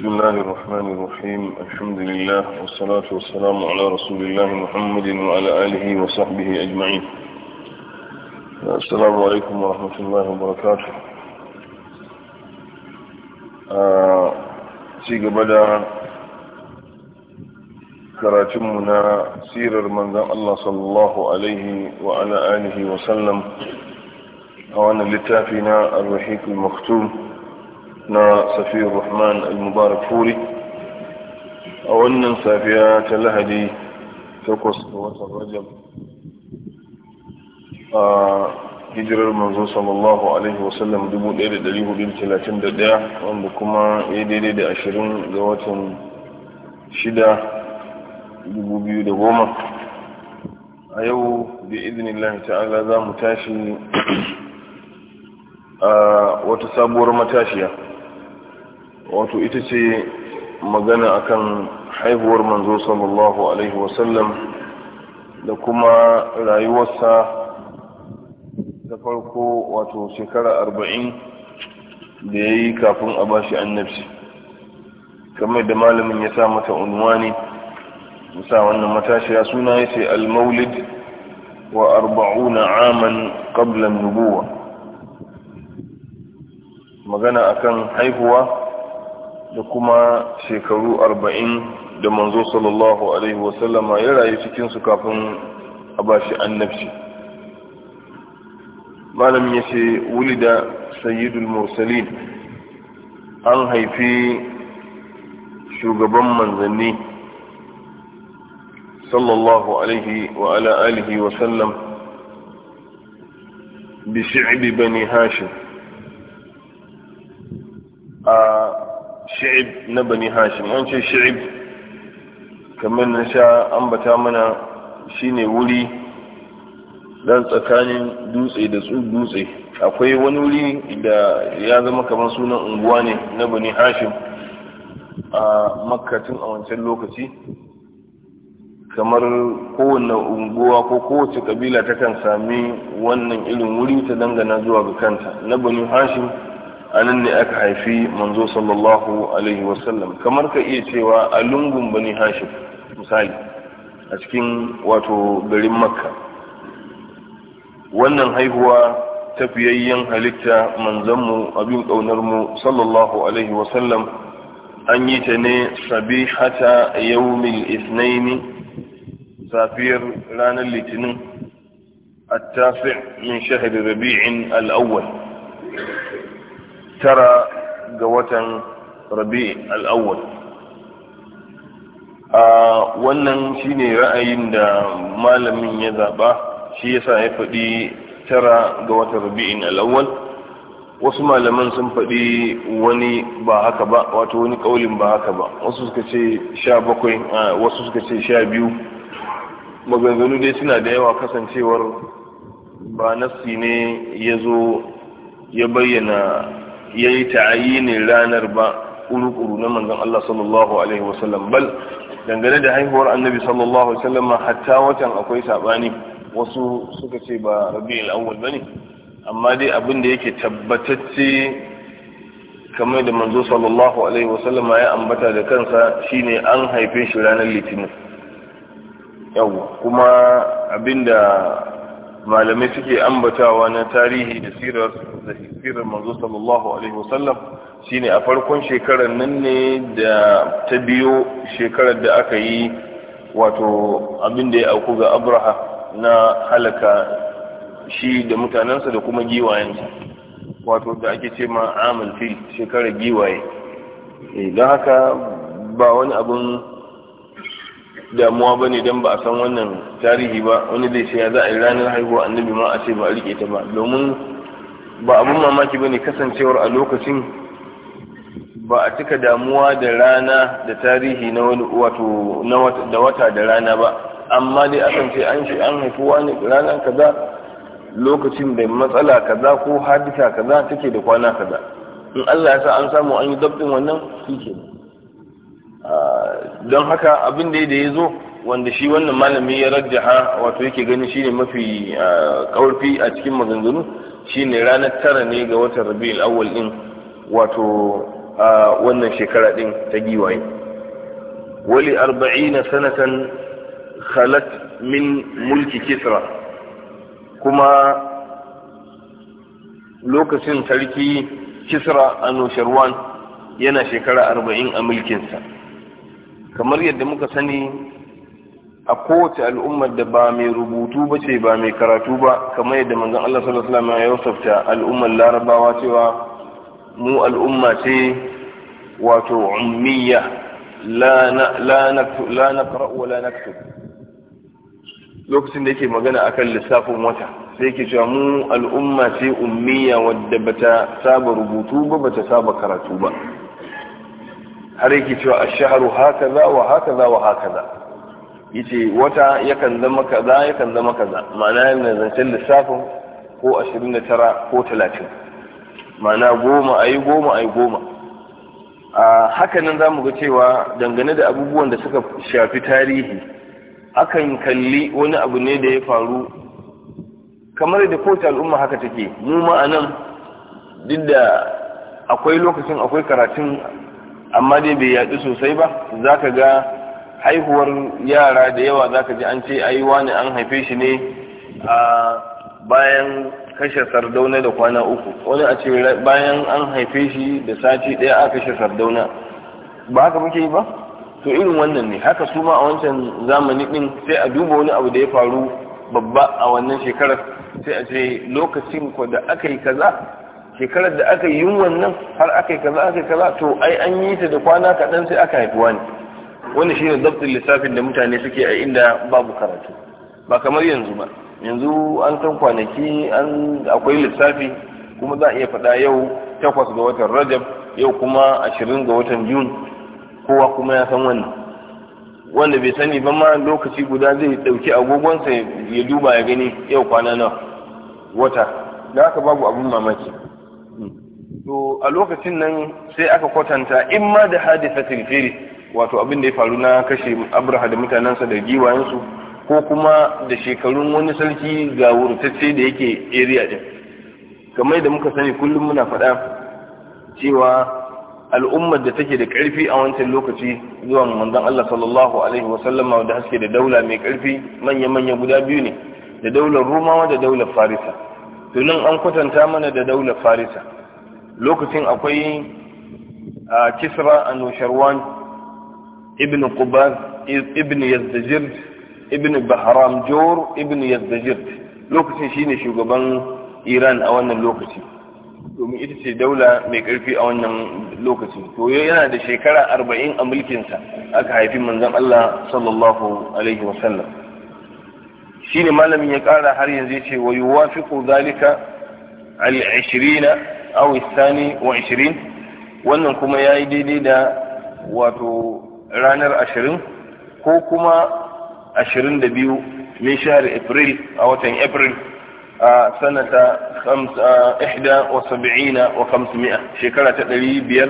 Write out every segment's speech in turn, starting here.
بسم الله الرحمن الرحيم الحمد لله والصلاة والسلام على رسول الله محمد وعلى آله وصحبه أجمعين السلام عليكم ورحمة الله وبركاته سيقى آه، بدأ كراتمنا سير من الله صلى الله عليه وعلى آله وسلم وانا لتافنا الرحيق المختوم na safiyar rahman al-mubarak furi a wannan safiya ta lahadi takwas ga watan rajab a hijirar manzo sallallahu alaihi wasallam 1431 wanda kuma ya daidai da ashirin ga watan shida 2010 a yau da izinin ta'ala za mu tashi a wata sabuwar matashiya wato ita ce magana akan haihuwar manzo sallallahu alaihi wasallam da kuma rayuwarsa da farko wato shekara arba'in da ya yi kafin a bashi annabci kamar da malamin ya sa mata unwani sa wannan matashiya suna ya ce al wa arba'una aman qablan nubuwa magana akan haihuwa da kuma shekaru arba'in da manzo sallallahu alaihi wasallama ya rayu cikinsu kafin a ba shi annabci malam ya ce wulida sayyidul mursalin an haifi shugaban manzanni sallallahu alaihi wa ala alihi wa sallam bi shi'bi bani hashim a shi'ib na bani hashim wance shi'ib kamar na sha ambata mana shine wuri dan tsakanin dutse da dutse akwai wani wuri da ya zama kamar sunan unguwa ne na bani hashim a makatin a wancan lokaci kamar kowane unguwa ko kowace kabila ta kan sami wannan irin wuri ta dangana zuwa ga kanta na bani hashim anan ne aka haifi manzo sallallahu alaihi wasallam kamar ka iya cewa a lungun bani hashim misali a cikin wato garin makka wannan haihuwa tafiyayyen halitta manzanmu abin ƙaunarmu sallallahu alaihi wasallam an yi ta ne sabihata yawmin isnaini safiyar ranar litinin التاسع من شهر ربيع الأول tara ga watan rabi al'awwal a wannan shine ra'ayin da malamin ya zaɓa shi yasa ya faɗi tara ga watan rabi'in al'awwal wasu malaman sun faɗi wani ba haka ba wato wani ƙaulin ba haka ba wasu suka ce sha bakwai wasu suka ce sha biyu maganganu dai suna da yawa kasancewar ba nassi ne ya zo ya bayyana ya yi ta'ayinin ranar ba kuru-kuru na manzon Allah sallallahu alaihi wasallam bal dangane da haihuwar annabi sallallahu alaihi wasallam hatta watan akwai sabani wasu suka ce ba rabi'ul ba ne amma dai abin da yake tabbatacce kamar da manzo sallallahu alaihi wasallam ya ambata da kansa shine an haife shi ranar litinin yau kuma abinda malamai suke ambatawa na tarihi da sirar da sirar manzo sallallahu alaihi wasallam shine a farkon shekarar nan ne da ta biyo shekarar da aka yi wato abin da ya auku ga abraha na halaka shi da mutanansa da kuma giwayensa wato da ake ce ma amal fil shekarar giwaye eh, don haka ba wani abin damuwa ne don ba a san wannan tarihi ba wani zai ce ya za a yi ranar haihuwa annabi ma a ce ba a rike ta ba domin ba abun mamaki bane kasancewar a lokacin ba a cika damuwa da rana da tarihi na wani wato wata da wata da rana ba amma dai akan ce an shi an haifi wani rana kaza lokacin da matsala kaza ko hadisa kaza take da kwana kaza in Allah ya sa an samu an yi dabbin wannan shi kenan don haka abin da ya zo wanda shi wannan malami ya ha wato yake ganin shine mafi ƙarfi a cikin maganganu shine ranar tara ne ga watan rabi'ul awwal din wato wannan shekara din ta giwaye wali na sanatan khalat min mulki kisra kuma lokacin sarki kisra a yana shekara arba'in a mulkinsa kamar yadda muka sani a kowace al'ummar da ba mai rubutu ba ce ba mai karatu ba kamar yadda manzon Allah sallallahu alaihi wasallam ya wasafta al'ummar larabawa cewa mu al'umma ce wato ummiya la la la naqra la naktub lokacin da yake magana akan lissafin wata sai yake cewa mu al'umma ce ummiya wadda bata saba rubutu ba bata saba karatu ba har yake cewa shaharu haka za wa haka za wa haka za. yi ce wata yakan zama kaza yakan zama kaza ma'ana yana zancen lissafin ko 29 ko 30 ma'ana goma a yi goma a yi goma a hakanan za mu ga cewa dangane da abubuwan da suka shafi tarihi akan kalli wani abu ne da ya faru kamar da kowace al'umma haka take mu ma duk da akwai lokacin akwai karatun amma dai bai yaɗu sosai ba za ka ga haihuwar yara da yawa za ka ji an ce ai wani an haife shi ne a bayan kashe sardauna da kwana uku wani a ce bayan an haife shi da sati ɗaya a kashe sardauna ba haka muke yi ba to irin wannan ne haka su ma a wancan zamani ɗin sai a duba wani abu da ya faru babba a wannan shekarar sai a ce lokacin ko da aka yi kaza shekarar da aka yi wannan har aka yi kaza aka yi kaza to ai an yi ta da kwana kaɗan sai aka haifi wani wani shine dabtin lissafin da mutane suke a inda babu karatu ba kamar yanzu ba yanzu an san kwanaki an akwai lissafi kuma za a iya faɗa yau takwas ga watan rajab yau kuma ashirin ga watan jun kowa kuma ya san wannan wanda bai sani ba ma lokaci guda zai ɗauki agogonsa ya duba ya gani yau kwana nawa wata da haka babu abin mamaki to a lokacin nan sai aka kwatanta in ma da hadisatil fil wato abin da ya faru na kashe abraha da mutanensa da giwayensu ko kuma da shekarun wani sarki ga wurtacce da yake area din kamar da muka sani kullum muna faɗa cewa al'ummar da take da ƙarfi a wancan lokaci zuwa manzon Allah sallallahu alaihi wa sallama da haske da daula mai ƙarfi manya-manya guda biyu ne da daular Romawa da daular Farisa to nan an kwatanta mana da daular Farisa lokacin akwai kisra a nusharwan ibn qubar ibn yazdajir ibn bahram jor ibn yazdajir lokacin shine shugaban iran a wannan lokaci domin ita ce daula mai karfi a wannan lokaci to yana da shekara arba'in a mulkinsa aka haifi manzon allah sallallahu alaihi wasallam shine malamin ya kara har yanzu ya ce wa yuwafiqu zalika al-20 aw thani wa 20 wannan kuma ya yi daidai da wato ranar ashirin ko kuma ashirin da biyu min shahar april a watan april a sanata 71 wa 500 shekara ta ɗari biyar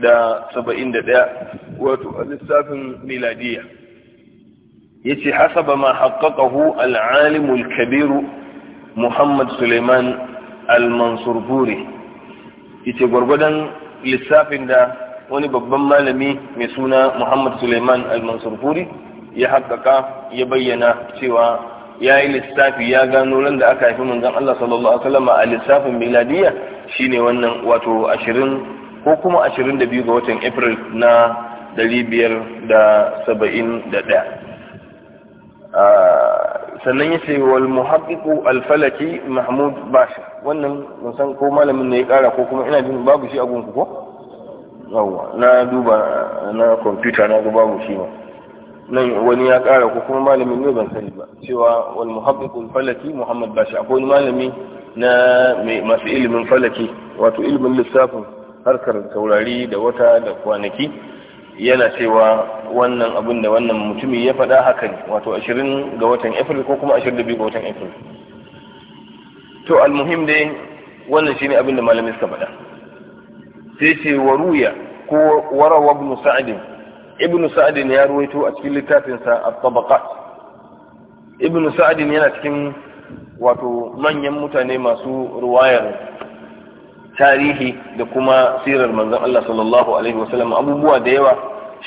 da da saba'in ɗaya wato lissafin miladiya yace hasaba ma haqqaqahu al-alim al-kabir Muhammad Suleiman al-Mansurburi ita gwargwadon lissafin da wani babban malami mai suna Muhammad Suleiman Al-Mansurfuri ya haƙaƙa ya bayyana cewa ya yi lissafi ya gano ran da aka haifi manzon Allah sallallahu alaihi wasallam a lissafin miladiya shine wannan wato 20 ko kuma 22 ga watan April na 571 ah, sannan ya wal muhaqqiqu al-falaki Mahmud Bashir wannan ban san ko malamin ne ya kara ko kuma ina jin babu shi a gunku ko yawwa na duba na computer na ga babu shi ma nan wani ya kara ko kuma malamin ne ban sani ba cewa wal muhabbiqul falaki muhammad bashi akwai wani malami na mai masu ilimin falaki wato ilimin lissafin harkar taurari da wata da kwanaki yana cewa wannan abin da wannan mutumin ya faɗa haka ne wato 20 ga watan april ko kuma 22 ga watan april to almuhim dai wannan shine abin da malamin suka faɗa sai ce waruya ko warawa ibn sa'd ibn sa'd ya ruwaito a cikin littafin sa at-tabaqat ibn sa'd yana cikin wato manyan mutane masu ruwayar tarihi da kuma sirar manzon Allah sallallahu alaihi wasallam abubuwa da yawa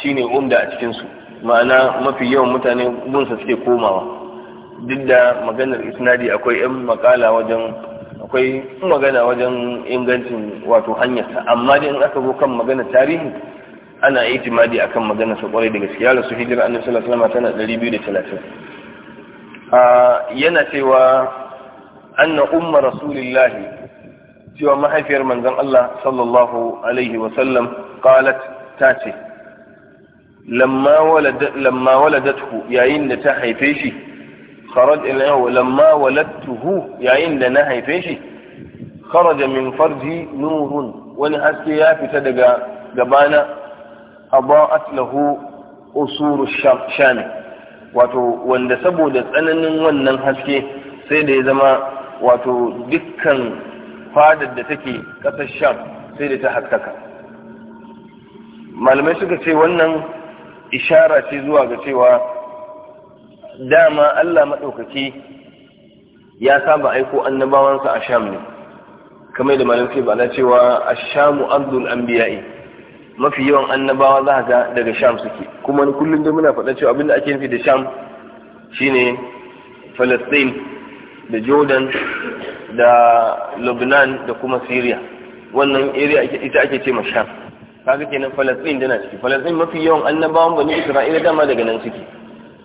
shine umda a cikin su ma'ana mafi yawan mutane gunsa suke komawa duk da maganar isnadi akwai yan makala wajen akwai magana wajen ingancin wato hanyarsa amma dai in aka zo kan magana tarihi ana itimadi akan magana su kwarai da gaskiya rasu hijira annabi sallallahu alaihi wasallam tana 230 a yana cewa anna umma rasulillah cewa mahaifiyar manzon Allah sallallahu alaihi wasallam qalat tace lamma walada lamma waladatu yayin da ta haife shi kharaj ilayhi lamma waladtuhu yayin da na haife shi kharaja min farji nurun wani haske ya fita daga gabana aba'at lahu usuru shami wato wanda saboda tsananin wannan haske sai da ya zama wato dukkan fadar da take ƙasar sham sai da ta haskaka malamai suka ce wannan ishara ce zuwa ga cewa dama Allah maɗaukaki ya saba aiko annabawansa a sham ne kamar da malam ke na cewa a shamu abdul anbiya'i mafi yawan annabawa za ka daga sham suke kuma kullum da muna faɗa cewa abinda ake nufi da sham shine palestine da jordan da lebanon da kuma syria wannan area ita ake ce ma sham kaga kenan palestine tana ciki palestine mafi yawan annabawan bani isra'ila dama daga nan suke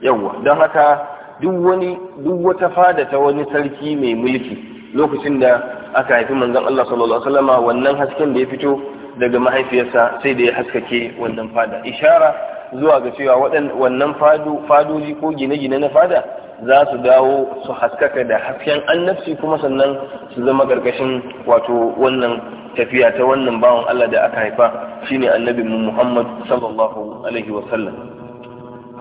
yawwa don haka duk wani duk wata fada ta wani sarki mai mulki lokacin da aka haifi manzon Allah sallallahu alaihi wasallam wannan hasken da ya fito daga mahaifiyarsa sai da ya haskake wannan fada ishara zuwa ga cewa wannan fado fadoji ko gine-gine na fada za su dawo su haskaka da hasken annabci kuma sannan su zama karkashin wato wannan tafiya ta wannan bawan Allah da aka haifa shine annabi Muhammad sallallahu alaihi wasallam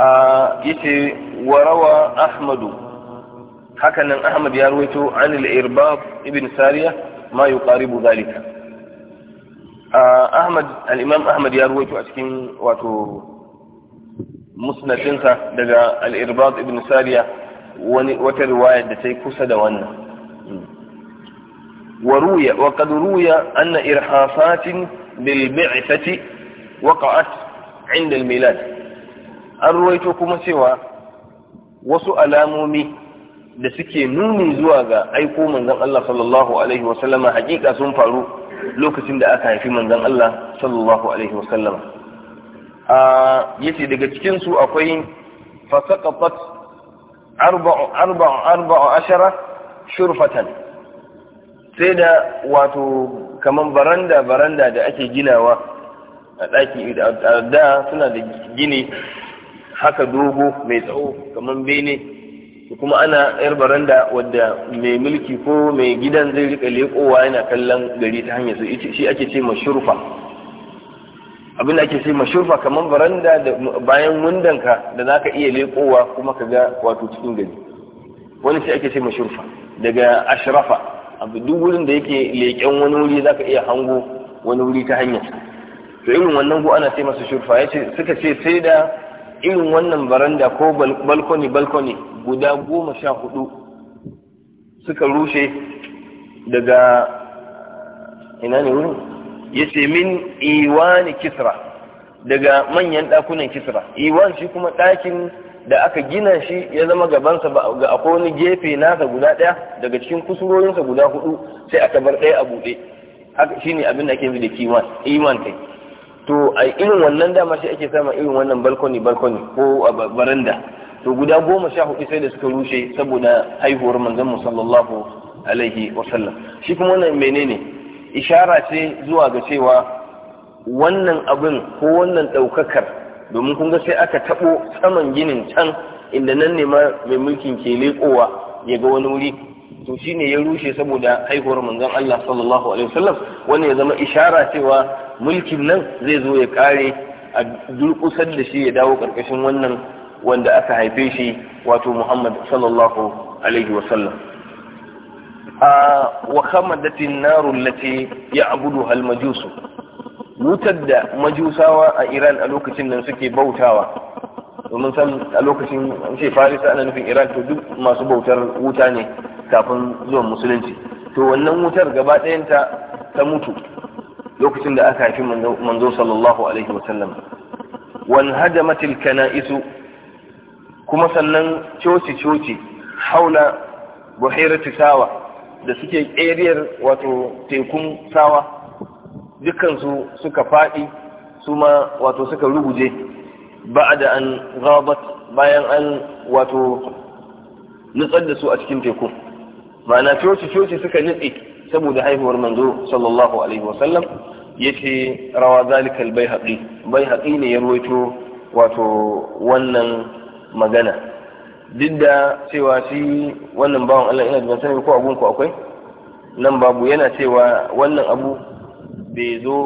آه، يتي وروى أحمد حكى أن أحمد يرويته عن الإرباط ابن سارية ما يقارب ذلك آه، أحمد الإمام أحمد يرويته أسكين واتو مسنة تنسى دقى الإرباط ابن سارية وترواية دتي كسد وانا وروي وقد روي أن إرحافات بالبعثة وقعت عند الميلاد an ruwaito kuma cewa wasu alamomi da suke nuni zuwa ga aiko manzon Allah sallallahu alaihi wa sallama hakika sun faru lokacin da aka haifi manzon Allah sallallahu alaihi wa sallama a yace daga cikin su akwai fasaqat arba'u arba'u ashara shurfatan sai da wato kaman baranda baranda da ake ginawa a ɗaki da suna da gini haka dogo mai tsawo kamar bene kuma ana yar baranda wadda mai mulki ko mai gidan zai rika lekowa yana kallon gari ta hanyar su shi ake ce mashurfa abin ake ce mashurfa kamar baranda da bayan wundanka da zaka iya lekowa kuma ka ga wato cikin gari wani shi ake ce mashurfa daga ashrafa abu duk wurin da yake leƙen wani wuri zaka iya hango wani wuri ta hanyar to irin wannan ko ana ce masa shurfa yace suka ce sai da irin wannan baranda ko balkoni balkoni guda goma sha hudu suka rushe daga ina ne wurin ya ce min iwani kisra daga manyan dakunan kisra iwan shi kuma dakin da aka gina shi ya zama gabansa ga akwai gefe nasa guda ɗaya daga cikin kusurorinsa guda hudu sai aka bar ɗaya a buɗe haka shine abin da ake da kiwan iwan kai to a irin wannan dama shi ake sama irin wannan balkoni balkoni ko a baranda to guda goma sha hudu sai da suka rushe saboda haihuwar manzon mu sallallahu alaihi wasallam shi kuma wannan menene ishara ce zuwa ga cewa wannan abin ko wannan daukakar domin kun ga sai aka tabo saman ginin can inda nan ne ma mai mulkin ke lekowa ya ga wani wuri to shine ya rushe saboda haihuwar manzon Allah sallallahu alaihi wasallam ya zama ishara cewa mulkin nan zai zo ya kare a durkusar da shi ya dawo karkashin wannan wanda aka haife shi wato Muhammad sallallahu alaihi wasallam a wa khamadatin naru allati ya'buduha al-majusu wutar da majusawa a Iran a lokacin nan suke bautawa domin san a lokacin an ce farisa ana nufin iran to duk masu bautar wuta ne kafin zuwan musulunci to wannan wutar gaba ɗayanta ta mutu lokacin da aka haifi manzo sallallahu alaihi wasallam wan hadamatil kana'isu kuma sannan coci coci haula buhirati sawa da suke ƙeriyar wato tekun sawa dukansu suka faɗi su ma wato suka ruguje ba'da an ghabat bayan an wato nutsar da su a cikin tekun ma'ana coci coci suka nitsi saboda haihuwar manzo sallallahu alaihi wasallam yake rawa zalikal bai baihaqi ne ya ruwaito wato wannan magana duk da cewa shi wannan bawan Allah ina da sanin ko abun ku akwai nan babu yana cewa wannan abu bai zo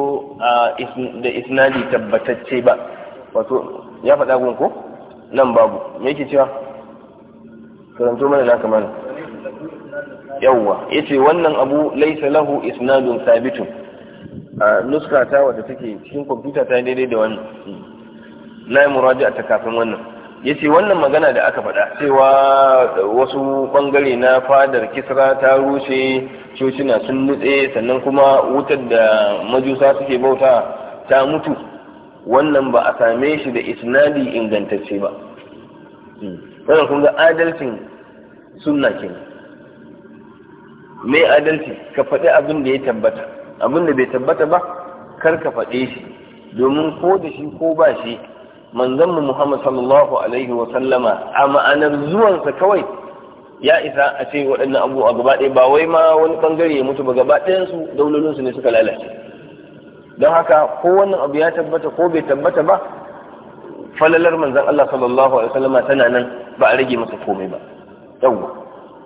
da isnadi tabbatacce ba wato ya faɗa gun ko nan babu me yake cewa karanto mana na kamar yawwa yace wannan abu laisa lahu isnadun sabitun a nuska ta wadda take cikin kwamfuta ta daidai da wannan na yi muraji a kafin wannan yace wannan magana da aka faɗa cewa wasu bangare na fadar kisra ta rushe cocina sun nutse sannan kuma wutar da majusa suke bauta ta mutu wannan ba a same shi da isnadi ingantacce ba hmm. wannan kun ga adalcin sunna kenan mai adalci ka faɗi abin da ya tabbata abin da bai tabbata ba kar ka faɗe shi domin ko da shi ko ba shi manzon mu Muhammad sallallahu alaihi wa sallama a ma'anar zuwansa kawai ya isa a ce waɗannan abu a gaba ɗaya ba wai ma wani bangare ya mutu ba gaba ɗayan su daulolin su ne suka lalace don haka ko wannan abu ya tabbata ko bai tabbata ba falalar manzon Allah sallallahu alaihi wa sallama tana nan ba a rage masa komai ba yawwa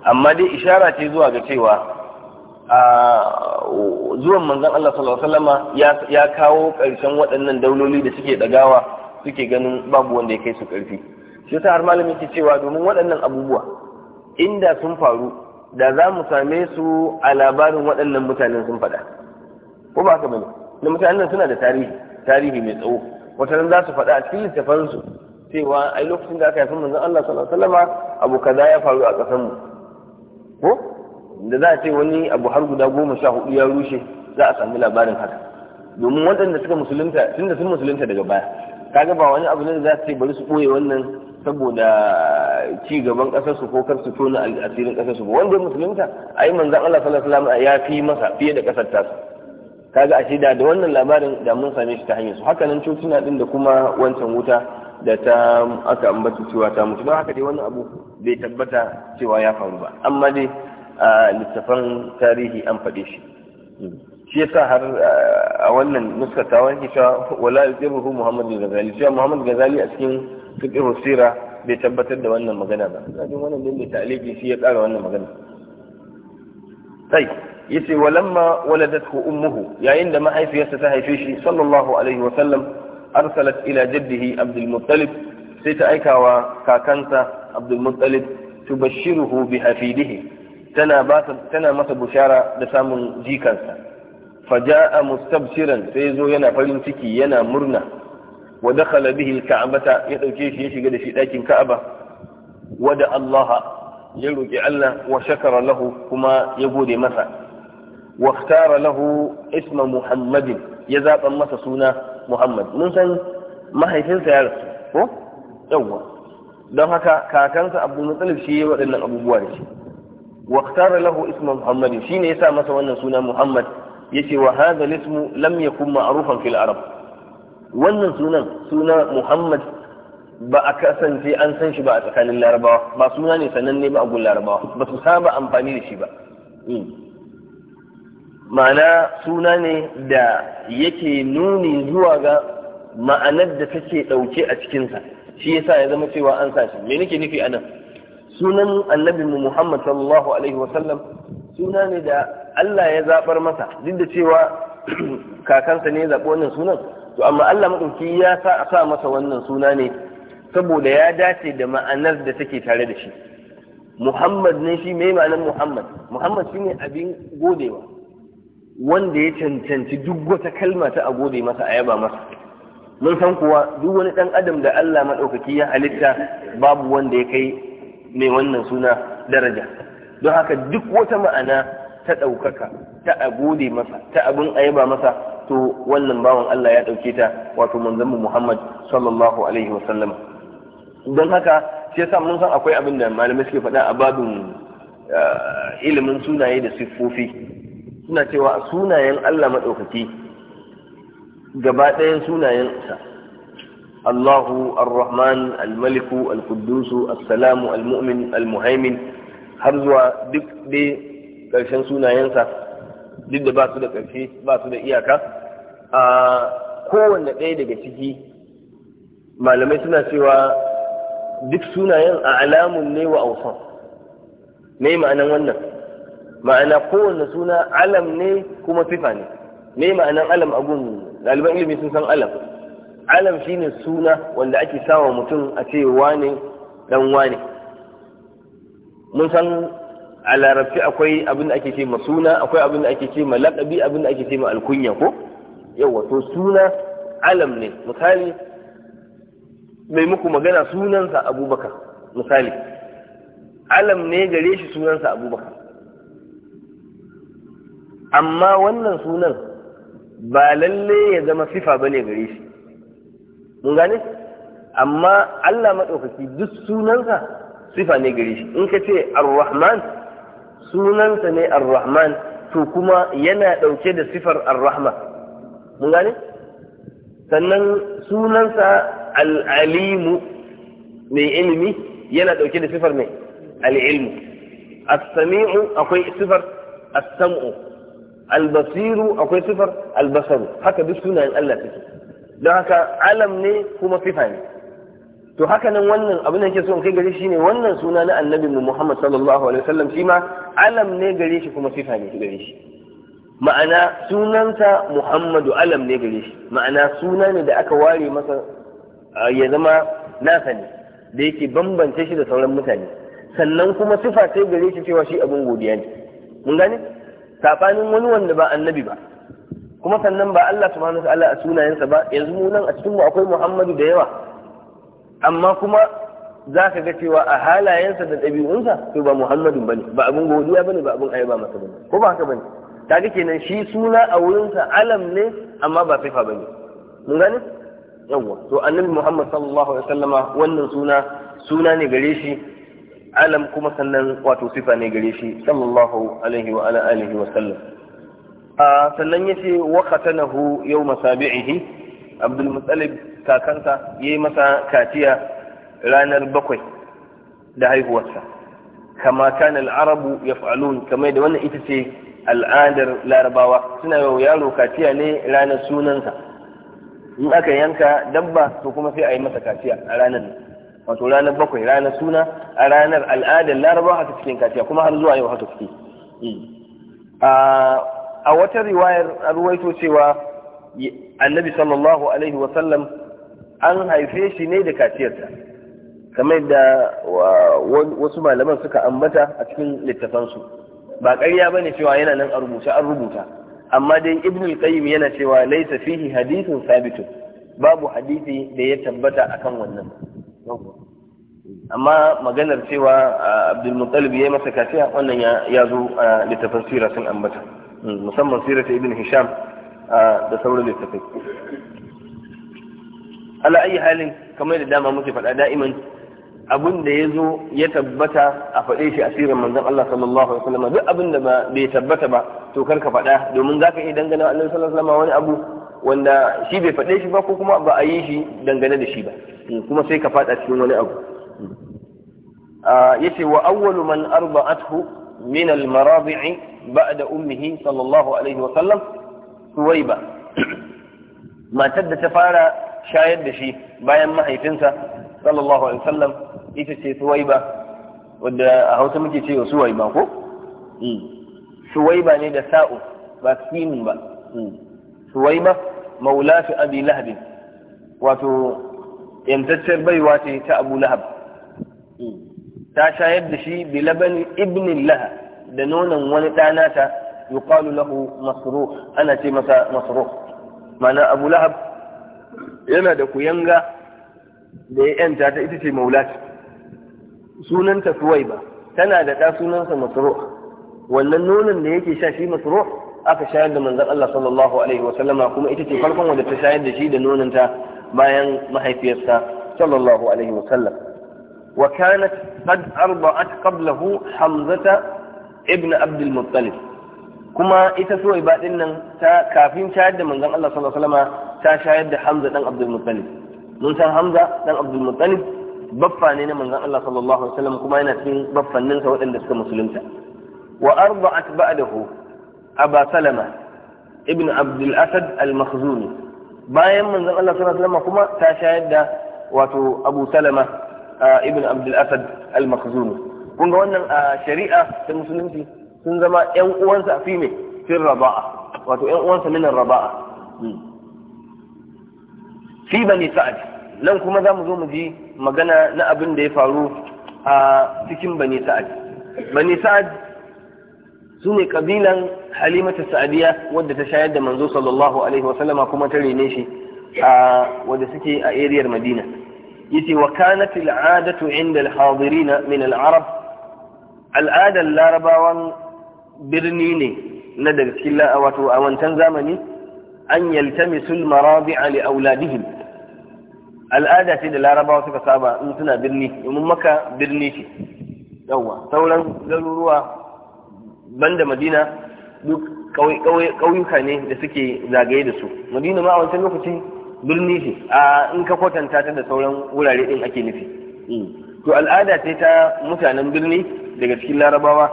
amma dai ishara ce zuwa ga cewa a zuwan manzon Allah sallallahu alaihi wasallama ya kawo ƙarshen waɗannan dauloli da suke dagawa suke ganin babu wanda ya kai su ƙarfi shi yasa har malami ke cewa domin waɗannan abubuwa inda sun faru da za mu same su a labarin waɗannan mutanen sun faɗa ko ba ka bane da mutanen suna da tarihi tarihi mai tsawo wataran za su faɗa a cikin littafansu cewa ai lokacin da aka haifi manzon Allah sallallahu alaihi wasallama abu kaza ya faru a ƙasar mu ko da za a ce wani abu har guda goma sha hudu ya rushe za a sami labarin haka domin waɗanda suka musulunta tun da sun musulunta daga baya kaga ba wani abu ne da za su ce bari su ɓoye wannan saboda ci gaban ƙasar su ko kar su tona asirin ƙasar su wanda musulunta yi manzan Allah sallallahu alaihi wasallam ya fi masa fiye da ƙasar su kaga a da da wannan labarin da mun same shi ta hanyar su haka nan cocina din da kuma wancan wuta da ta aka ambata cewa ta mutu don haka dai wani abu bai tabbata cewa ya faru ba amma dai a littafan tarihi an faɗe shi shi yasa har a wannan nuskar ta wani cewa wala yuqiruhu Muhammad al-Ghazali cewa Muhammad al-Ghazali a cikin fiqh sira bai tabbatar da wannan magana ba kafin wannan din da ta'liqi shi ya ƙara wannan magana sai yace walamma waladathu ummuhu yayin da mahaifiyarsa ta haife shi sallallahu alaihi wa sallam arsalat ila jaddihi abdul muttalib sai ta aikawa kakansa abdul muttalib tubashshiruhu bi hafidihi tana ba tana masa bushara da samun jikansa faja'a mustabshiran sai zo yana farin ciki yana murna wa dakhala bihi alka'bata ya dauke shi ya shiga da shi dakin ka'aba wada Allah ya roki Allah wa shakara lahu kuma ya gode masa واختار isma muhammadin ya يزاب masa suna. Muhammad mun san mahaifinsa ya rasu ko yawwa don haka kakansa Abu Muttalib shi ya waɗannan abubuwa da shi wa ikhtara lahu isma Muhammad shine yasa masa wannan suna Muhammad yace wa hadha ismu lam yakun ma'rufan fil arab wannan sunan suna Muhammad ba a kasance an san shi ba a tsakanin larabawa ba suna ne sananne ba a gun larabawa ba su saba amfani da shi ba hmm. ma'ana suna ne da yake nuni zuwa ga ma'anar da take ɗauke a cikinsa shi yasa ya zama cewa an sa shi me nake nufi a nan sunan annabi muhammad sallallahu alaihi wasallam suna ne da allah ya zabar masa duk da cewa kakansa ne ya zaɓi wannan sunan to amma allah maɗauki ya sa a sa masa wannan suna ne saboda ya dace da ma'anar da take tare da shi muhammad ne shi mai ma'anar muhammad muhammad shine abin godewa wanda ya cancanci duk wata kalma ta agode masa a yaba masa mun san kuwa duk wani ɗan adam da Allah maɗaukaki ya halitta babu wanda ya kai mai wannan suna daraja don haka duk wata ma'ana ta ɗaukaka ta agode masa ta abin a yaba masa to wannan bawan Allah ya ɗauke ta wato mu Muhammad sallallahu alaihi wasallam don haka shi yasa mun san akwai abin da malamai suke faɗa a babin eh, ilimin sunaye da siffofi suna cewa sunayen Allah maɗaukaki gaba ɗayan sunayensa Allahu Ar-Rahman Al-Maliku Al-Quddusu As-Salamu Al-Mu'min Al-Muhaimin har zuwa duk dai ƙarshen sunayensa duk da ba su da ƙarshe ba su da iyaka a kowanne ɗaya daga ciki malamai suna cewa duk sunayen a alamun ne wa ausan me ma'anan wannan ma'ana kowane suna alam ne kuma sifa ne me ma'anan alam a gun ɗaliban ilimi sun san alam alam shine suna wanda ake sawa mutum a ce wane dan wane mun san a larabci akwai abin da ake ce ma suna akwai abin da ake ce ma laƙabi abin da ake ce ma alkunya ko yawa to suna alam ne misali mai muku magana sunansa abubakar misali alam ne gare shi sunansa abubakar amma wannan sunan ba lalle ya zama sifa bane gare shi mun gane amma Allah maɗaukaki duk sunansa sifa ne gare shi in ka ce ar-rahman sunansa ne ar-rahman to kuma yana ɗauke da sifar ar-rahma mun gane sannan sunansa al-alimu mai ilimi yana ɗauke da sifar mai al-ilmu as-sami'u akwai sifar as-sam'u albasiru akwai sifar albasaru haka duk sunayen Allah take don haka alam ne kuma sifa ne to haka nan wannan abin da ke son kai gare shi ne wannan suna na annabi Muhammad sallallahu alaihi wasallam shi ma alam ne gare shi kuma sifa ne gare shi ma'ana sunansa Muhammadu alam ne gare shi ma'ana suna ne da aka ware masa ya zama nasa ne da yake bambance shi da sauran mutane sannan kuma sifa sai gare shi cewa shi abin godiya ne mun gane sabanin wani wanda ba annabi ba kuma sannan ba Allah subhanahu wa ta'ala a sunayensa ba yanzu mu nan a cikin mu akwai Muhammadu da yawa amma kuma za ka ga cewa a halayensa da ɗabi'unsa to ba ba bane ba abin godiya bane ba abin ayaba masa bane ko ba haka bane kaga kenan shi suna a wurinsa alam ne amma ba sifa bane mun gane yawwa to annabi Muhammad sallallahu alaihi wasallama wannan suna suna ne gare shi alam kuma sannan wato sifa ne gare shi sallallahu alaihi wa ala alihi wa sallam a sannan yace wa qatanahu yawm sabi'ihi abdul muttalib kakansa yayi masa kaciya ranar bakwai da haihuwarsa kama kana al-arabu yaf'alun kamar da wannan ita ce al'adar larabawa suna yau yaro kaciya ne ranar sunansa in aka yanka dabba to kuma sai a yi masa kaciya a ranar wato ranar bakwai ranar suna a ranar al'adar laraba haka cikin kaciya kuma har zuwa yau haka suke a wata riwayar ruwaito cewa annabi sallallahu alaihi wasallam an haife shi ne da kaciyarsa kamar da wasu malaman suka ambata a cikin littafansu ba ƙarya ne cewa yana nan a rubuta an rubuta amma dai ibn al-qayyim yana cewa laysa fihi hadithun sabitun babu hadisi da ya tabbata akan wannan amma maganar cewa abdulmuttalib ya yi masa kaciya wannan ya zo a littafin sira sun ambata hmm, musamman sira ta ibn hisham da sauran littafai ala ayi halin kamar da dama muke faɗa da'iman abin da ya zo ya tabbata a faɗe shi asirin manzon Allah sallallahu alaihi wasallam duk abin da bai tabbata ba to kar ka faɗa domin zaka iya dangana Allah sallallahu alaihi wasallam wani abu wanda shi bai faɗe shi ba ko kuma ba a yi shi dangane da shi ba kuma sai ka faɗa cikin wani abu ya ce wa awwalu man arba arba'athu min al-marabi'i ba'da ummihi sallallahu alaihi wa sallam suwaiba matar da ta fara shayar da shi bayan mahaifinsa sallallahu alaihi wa sallam ita ce suwaiba wadda a Hausa muke cewa suwaiba ko hmm. suwaiba ne da sa'u ba sinin ba hmm. suwaiba maula abi lahabin wato yantacciyar baiwa ce ta abu lahab ta shayar da shi bi labani ibnin laha da nonon wani ɗana ta yuqalu lahu masruh ana ce masa masruh Mana abu lahab yana da kuyanga da ya yanta ta ita ce Maulafi. sunanta suwaiba tana da ɗa sunansa masruh wannan nonon da yake sha shi masruh aka shayar da manzon Allah sallallahu alaihi wasallama kuma ita ce farkon wanda ta shayar da shi da nonanta bayan mahaifiyarsa sallallahu alaihi wasallam wa kanat qad arba'at qablahu hamzata ibn abd al-muttalib kuma ita so ibadin nan ta kafin shayar da manzon Allah sallallahu alaihi wasallama ta shayar da hamza dan abd al-muttalib mun san hamza dan abd al-muttalib baffa ne na manzon Allah sallallahu alaihi wasallam kuma yana cikin baffanninsa waɗanda suka musulunta wa arba'at ba'dahu aba salama ibn asad al bayan manzon Allah sallallahu alaihi wasallam kuma ta shayar da wato abu salama ibn abdul asad al-makhzumi kun ga wannan a shari'a ta musulunci sun zama yan uwansa fi me fi raba'a wato yan uwansa min raba'a hmm. fi bani nan kuma za mu zo mu ji magana na abin da ya faru a cikin bani sa'ad bani su ne kabilan halimatu sa'adiya wadda ta shayar da manzo sallallahu alaihi sallama kuma ta rene shi a wadda suke a eriyar madina yace wa kanat al'adatu inda al-hadirin min al-arab al'adar larabawan birni ne na daga cikin wato a wancan zamani an yaltamisu al-marabi'a li auladihim al'ada ce da larabawa suka saba in suna birni domin maka birni ce sauran garuruwa banda madina duk ƙauyuka ne da suke zagaye da su madina ma a wancan lokacin birni ce a in ka kwatanta ta da sauran wurare din ake nufi mm. to al'ada ce ta mutanen birni daga cikin larabawa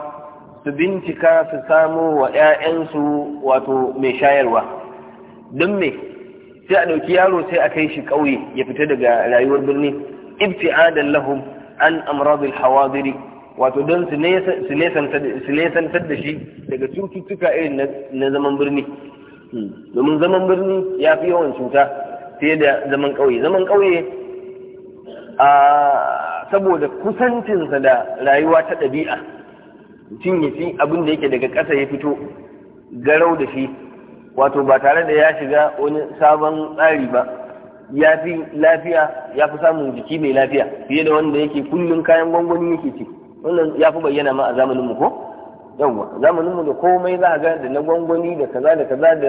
su bincika su samo wa 'ya'yansu wato mai shayarwa don me sai a ɗauki yaro sai a kai shi ƙauye ya fita daga rayuwar birni adan lahum an amradil hawadiri wato don su nesantar da shi daga cututtuka irin na zaman birni hmm. domin zaman birni ya fi yawan cuta fiye da zaman ƙauye zaman ƙauye a saboda kusancinsa da rayuwa ta ɗabi'a mutum ya fi abin da yake daga ƙasa ya fito garau da shi wato ba tare da ya shiga wani sabon tsari ba ya fi lafiya ya fi samun jiki mai lafiya fiye da wanda yake kullum kayan gwangwani yake ciki wannan ya fi bayyana ma a zamanin mu ko yawwa zamanin mu da komai za a ga da na gwangwani da kaza da kaza da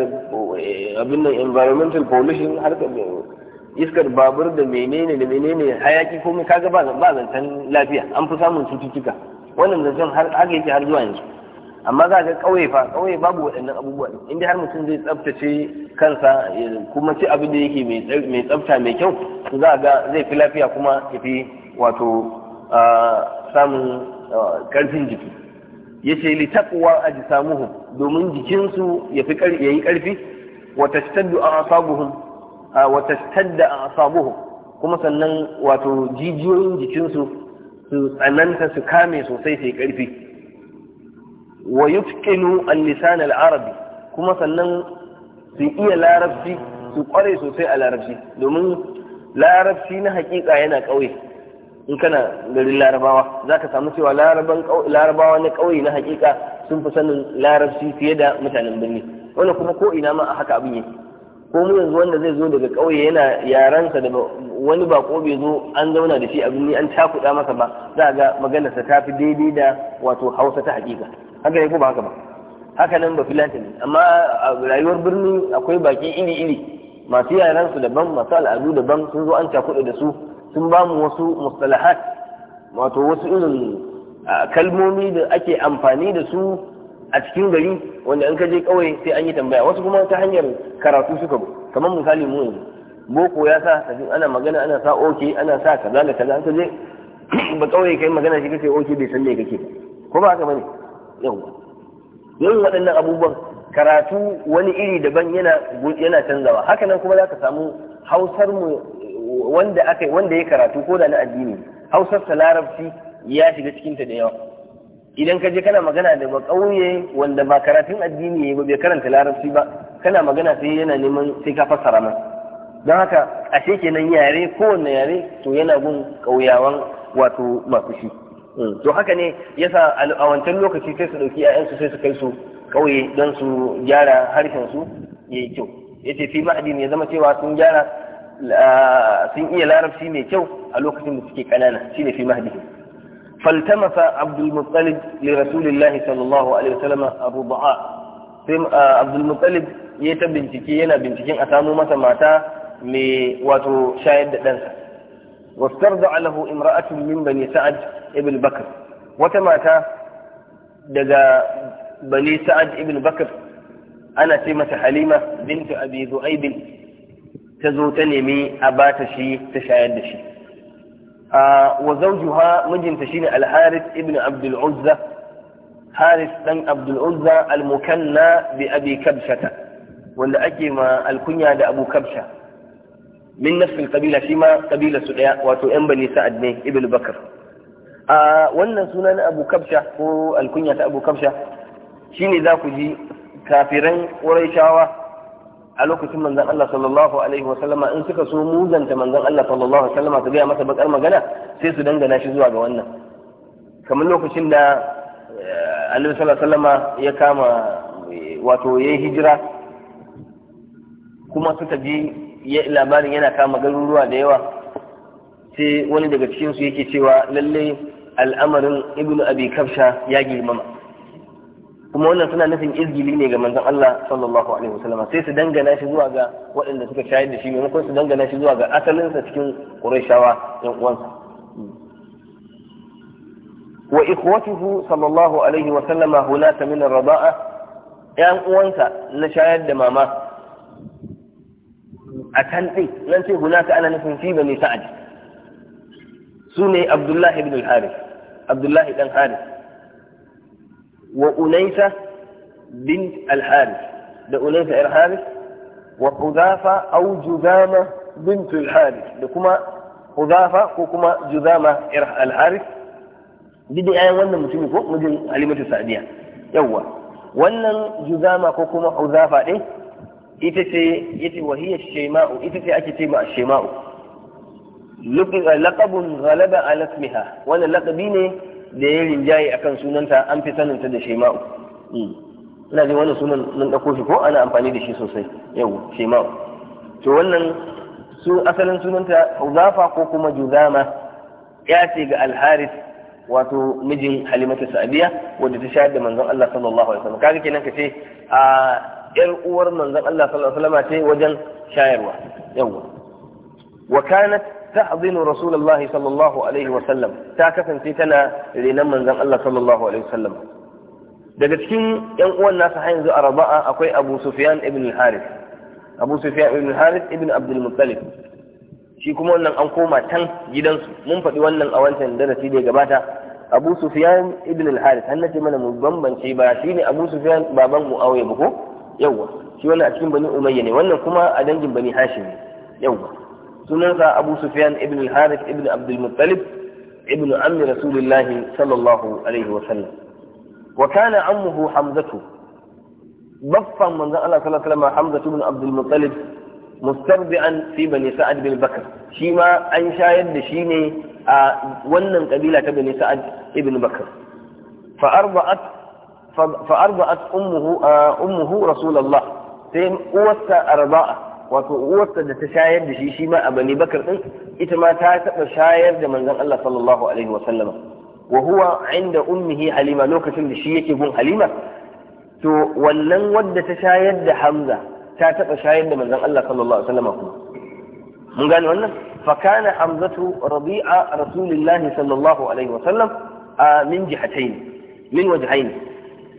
eh, abin nan environmental pollution da iskar babur da menene da menene hayaki komai kaga ba ba zantan lafiya an fi samun cututtuka wannan zancen har haka yake har zuwa yanzu amma za ga kauye fa kauye babu waɗannan abubuwa inda har mutum zai tsaftace kansa kuma ci abin da yake mai tsafta mai kyau za za ga zai fi lafiya kuma ya fi wato samun karfin jiki Ya ce li ji samuhu domin jikinsu ya fi yayi karfi wa tashtaddu wata wa a asabuhun kuma sannan wato jijiyoyin jikinsu su tsananta su kame sosai sai ƙarfi. wa yutqinu al-lisan al-arabi kuma sannan su iya larabci su kware sosai a larabci domin larabci na hakika yana kauye in kana garin larabawa za ka samu cewa larabawa na ƙauye na hakika sun fi sanin larabci fiye da mutanen birni wanda kuma ko ina ma a haka abin yake ko mu yanzu wanda zai zo daga ƙauye yana yaransa da wani bako bai zo an zauna da shi a birni an takuda masa ba za ga maganarsa ta fi daidai da wato hausa ta hakika haka ne ko ba haka ba haka nan ba filanta ne amma a rayuwar birni akwai baki iri iri masu yaransu daban masu al'adu daban sun zo an cakuɗa da su sun ba mu wasu mustalahat wato wasu irin kalmomi da ake amfani da su a cikin gari wanda in ka je kawai sai an yi tambaya wasu kuma ta hanyar karatu suka bu kamar misali mu yanzu boko ya sa kafin ana magana ana sa oke ana sa kaza da kaza ka je ba kawai kai magana shi kace oke bai san me kake ko ba haka bane yawa yin waɗannan abubuwan karatu wani iri daban yana yana canzawa haka nan kuma za ka samu hausar mu wanda aka wanda ya karatu ko da na addini hausar larabci ya shiga cikin ta da yawa idan ka je kana magana da makauye wanda ba karatun addini ba bai karanta larabci ba kana magana sai yana neman sai ka fassara ma don haka ashe kenan yare kowanne yare to yana gun kauyawan wato masu shi hmm. to haka ne yasa a wancan lokaci sai su ɗauki 'ya'yansu sai su kai su kauye don su gyara harshen su yayi kyau yace fi ma'adin ya zama cewa sun gyara sun iya larabci mai kyau a lokacin da suke kanana shine fi mahdihi faltamasa abdul muttalib li rasulillahi sallallahu alaihi wasallam arba'a sai abdul muttalib ya ta bincike yana binciken a samu masa mata mai wato shayar da ɗansa wastarda lahu imra'atun min bani sa'ad ibn bakr wata mata daga bani sa'ad ibn bakr ana ce mata halima bintu abi zu'aib ta zo ta nemi a ba ta shi ta shayar da shi wa zawjuha mijinta shine al-Harith ibn Abdul Uzza Harith dan Abdul Uzza al-mukanna bi Abi Kabshata wanda ake ma alkunya da Abu Kabsha min nafsin kabila shi ma kabila su daya wato yan bani Sa'ad ne Ibn Bakar a wannan sunan na Abu Kabsha ko alkunya ta Abu Kabsha shine za ku ji kafiran Qurayshawa a lokacin manzon Allah sallallahu alaihi wa sallama in suka so muzanta manzon Allah sallallahu alaihi wa sallama su gaya masa bakar magana sai su dangana shi zuwa ga wannan kamar lokacin da eh, Annabi sallallahu wa sallama ya kama eh, wato yayi hijira kuma suka ji labarin yana kama garuruwa da yawa sai wani daga cikin su yake cewa lallai al'amarin ibnu abi kafsha ya girmama kuma wannan suna nufin izgili ne ga manzon Allah sallallahu alaihi wasallam sai su dangana shi zuwa ga waɗanda suka shayar da shi maimakon su dangana shi zuwa ga asalinsa cikin Qurayshawa ɗan uwansa wa ikhwatuhu sallallahu alaihi wasallama hunaka min ar-rida'a ɗan uwansa na shayar da mama a can ɗin nan ce hunaka ana nufin fi bani sa'ad su ne Abdullahi ibn al-Harith Abdullahi dan Harith wa unaifa bint al da unaifa yar harith wa hudafa aw juzama bint al-harith da kuma hudafa ko kuma juzama yar al-harith didi wannan mutumi ko mijin halimatu sa'diya wannan ko kuma ita ce yace wahiyar shaima'u ita ce ake ce ma shaima'u laqabun ghalaba ala ismiha wannan lakabi ne da ya rinjaye akan sunanta an fi saninta da shema'u hmm. ina jin wannan sunan mun ɗauko shi ko ana amfani da shi sosai yau shema'u to wannan su asalin sunanta huzafa ko kuma juzama ya ce ga alharis wato mijin halimatu sa'adiya wadda ta shayar da manzon Allah sallallahu alaihi wasallam kaga kenan ka ce a yar uwar manzon Allah sallallahu alaihi wasallam ce wajen shayarwa Yau. wa kanat تحضن رسول الله صلى الله عليه وسلم تاكفن تنا لنا من ذن الله صلى الله عليه وسلم daga cikin yan uwan nasa har yanzu a raba'a akwai Abu Sufyan ibn al-Harith Abu Sufyan ibn al-Harith ibn Abdul Muttalib shi kuma wannan an koma tan gidansu mun faɗi wannan a wancan darasi da gabata Abu Sufyan ibn al-Harith an mana mu bambance ba shine Abu Sufyan baban Muawiya ba ko yawa shi wannan a cikin Bani Umayya ne wannan kuma a dangin Bani Hashim yawa تنازع أبو سفيان ابن الحارث ابن عبد المطلب ابن عم رسول الله صلى الله عليه وسلم وكان عمه حمزة بفا من ذا الله صلى الله عليه وسلم حمدة بن عبد المطلب مستربعا في بني سعد بن بكر شيما أن شايد بشيني آه، ونن قبيلة بني سعد ابن بكر فأرضعت فأرضعت أمه آه، أمه رسول الله تيم أوسى أرضاءه wato uwarsa da ta shayar da shi shi ma abani bakar din ita ma ta taba shayar da manzon Allah sallallahu alaihi wasallam wa huwa inda ummihi halima lokacin da shi yake gun halima to wannan wadda ta shayar da hamza ta taba shayar da manzon Allah sallallahu alaihi wasallam kuma mun gane wannan fa kana hamzatu rabi'a rasulillahi sallallahu alaihi wasallam min jihatayn min wajhayn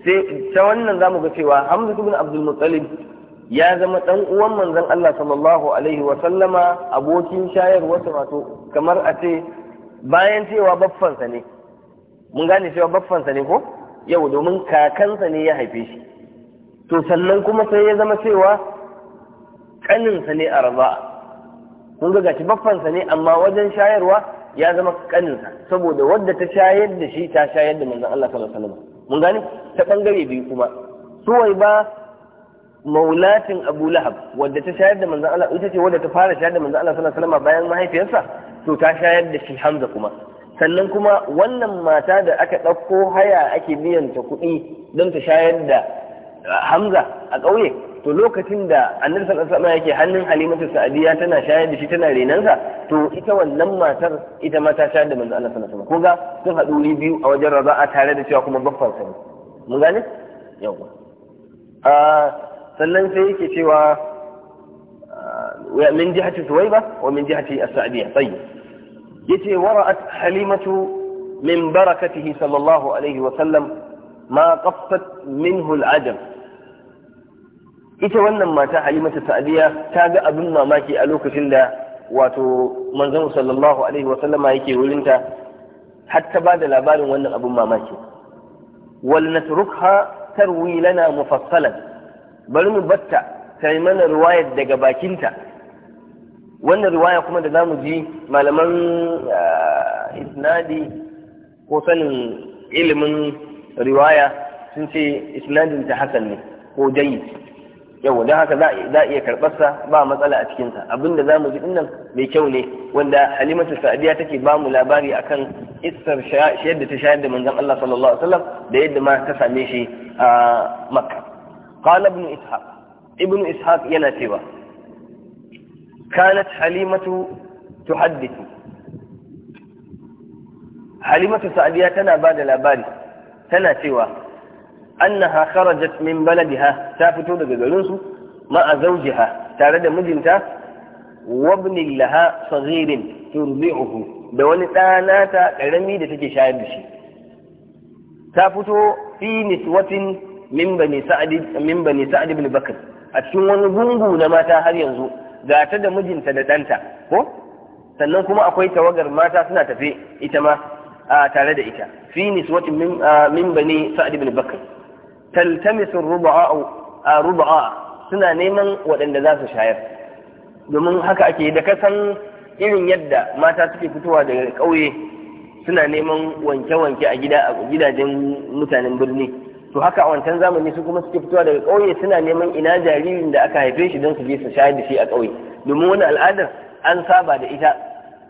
sai ta wannan zamu ga cewa hamza ibn abdul muttalib ya zama dan uwan manzon Allah sallallahu alaihi wa sallama abokin shayarwarsa wato kamar a ce bayan cewa baffansa ne mun gane cewa baffansa ne ko yau domin kakansa ne ya haife shi to sannan kuma sai ya zama cewa kaninsa ne a raba kun ga gashi baffansa ne amma wajen shayarwa ya zama kaninsa saboda wadda ta shayar da shi ta shayar da manzon Allah sallallahu alaihi wasallam mun gane ta bangare biyu kuma suwai ba maulatin Abu Lahab wadda ta shayar da manzan Allah ita ce wadda ta fara shayar da manzan Allah sallallahu alaihi wasallam bayan mahaifiyarsa to ta shayar da shi Hamza kuma sannan kuma wannan mata da aka ɗauko haya ake biyan ta kuɗi don ta shayar da uh, Hamza a ƙauye to lokacin da annabi sallallahu alaihi yake hannun halimatu sa'adiya tana shayar da shi tana renansa to ita wannan matar ita ma ta shayar da manzo Allah sallallahu alaihi wasallam ga sun haɗu wuri biyu a wajen raza'a tare da cewa kuma baffan sa mun gane yawa uh, sannan sai yake cewa ah, min jihati suwaiba wa min jihati as-sa'diyah tayyib yace wara'at halimatu min barakatihi sallallahu alaihi wa sallam ma qaffat minhu al-ajab ita wannan mata halimatu sa'diya ta ga abin mamaki a lokacin da wato manzon sallallahu alaihi wa sallama yake wurinta har ta ba da labarin wannan abin mamaki wal natrukha tarwi lana mufassalan bari mu batta ta yi mana ruwayar daga bakinta wannan ruwaya kuma da za mu ji malaman eh, isnadi ko sanin ilimin riwaya sun ce isnadin ta hasan ne ko jayyid yau don haka za a iya karbarsa ba matsala a cikinsa abinda za mu ji dinnan mai kyau ne wanda halimatu sa'adiya take ba mu labari akan isar shayar da ta shayar da manzon Allah sallallahu alaihi wasallam da yadda ma ta same shi a makka قال ابن إسحاق ابن إسحاق سوا كانت حليمة تحدث حليمة سعدية تنا بعد الأباري تنا سوى أنها خرجت من بلدها تافتو دقلونس مع زوجها تارد مجنتا وابن لها صغير ترضعه دون تاناتا قرمي دتكي شاهد بشي تافتو في نسوة min bani sa'ad ibn bakr a cikin wani gungu na mata har yanzu ga ta da mijinta da danta ko sannan kuma akwai tawagar mata suna tafe ita ma a tare da ita fi niswatin min bani sa'ad ibn bakr taltamisu a suna neman waɗanda za su shayar domin haka ake da kasan irin yadda mata suke fitowa daga ƙauye suna neman wanke-wanke a gidajen mutanen birni to haka a wancan zamani su kuma suke fitowa daga ƙauye suna neman ina jaririn da aka haife shi don su je su shayar da shi a ƙauye domin wani al'adar an saba da ita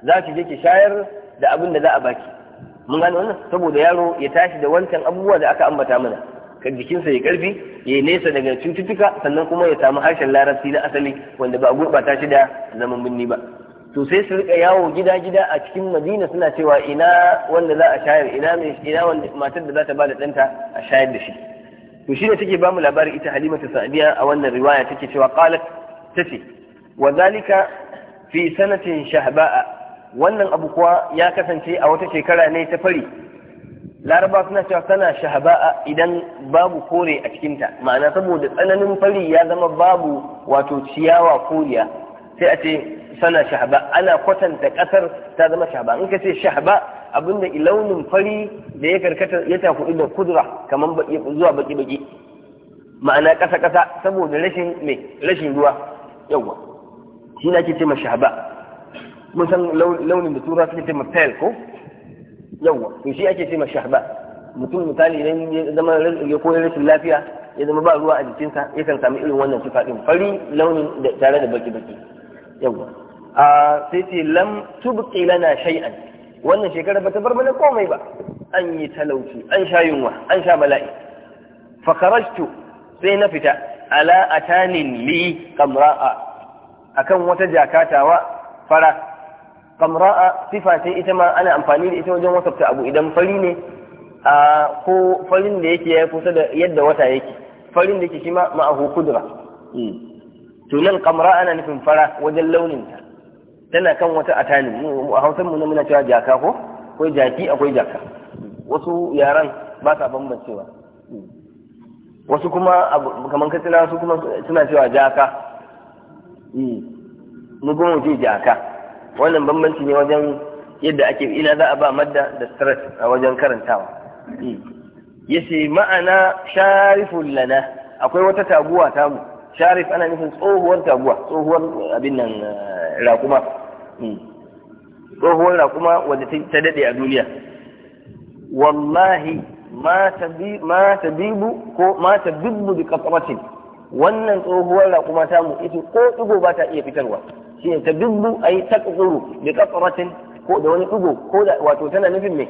za su je ki shayar da abin da za a baki mun gane wannan saboda yaro ya tashi da wancan abubuwa da aka ambata mana ka jikinsa ya karfi ya nesa daga cututtuka sannan kuma ya samu harshen larabci na asali wanda ba a gurɓata shi da zaman binni ba to sai su rika yawo gida gida a cikin madina suna cewa ina wanda za a shayar ina wanda matar da za ta da ɗanta a shayar da shi to ne take bamu labarin ita Halima ta sa'diya a wannan riwaya take cewa qalat tace wa zalika fi sanatin shahba'a wannan abu kuwa ya kasance a wata shekara ne ta fari laraba suna cewa sana shahaba'a idan babu kore a cikinta ma'ana saboda tsananin fari ya zama babu wato ciyawa koriya sai a ce tana shahba ana kwatanta ƙasar ta zama shahba in ka ce shahba abinda launin fari da ya karkata ya tafi da kudura kamar zuwa baki baki ma'ana ƙasa ƙasa saboda rashin mai rashin ruwa yawa shi na ke ce ma shahba mun san launin da tura suke ce ma pale ko yawa to shi ake ce ma shahba mutum misali idan ya zama ya koyi rashin lafiya ya zama ba ruwa a jikinsa kan sami irin wannan sifa din fari launin tare da baki baki yawa a sai ce lam tubqi lana shay'an wannan shekara bata bar mana komai ba an yi talauci an sha yunwa an sha bala'i fa kharajtu sai na fita ala atanin li qamra'a akan wata jakatawa fara qamra'a sifa sai ita ma ana amfani da ita wajen wasafta abu idan fari ne a ko farin da yake ya kusa da yadda wata yake farin da yake shi ma ma'ahu kudura hmm. to nan qamra'a ana nufin fara wajen launin ta tana kan wata atani a hausar mu muna cewa jaka ko akwai jaki akwai jaka wasu yaran ba sa bambancewa wasu kuma kamar ka tana su kuma suna cewa jaka hmm. mu kuma ce jaka wannan bambanci ne wajen yadda ake ina za a ba madda da stress a wajen karantawa hmm. yace ma'ana sharifun lana akwai wata taguwa tamu sharif ana nufin tsohuwar taguwa tsohuwar abin nan eh, rakuma Hmm. tsohuwar raƙuma wadda ta daɗe a duniya wallahi ma tabibu ko ma tabibu bi kasamatin wannan tsohuwar raƙuma ta mu ita ko ɗigo ba ta iya fitarwa shi ne tabibu a yi taƙuru bi kasamatin ko da wani ɗigo ko da wato tana nufin ne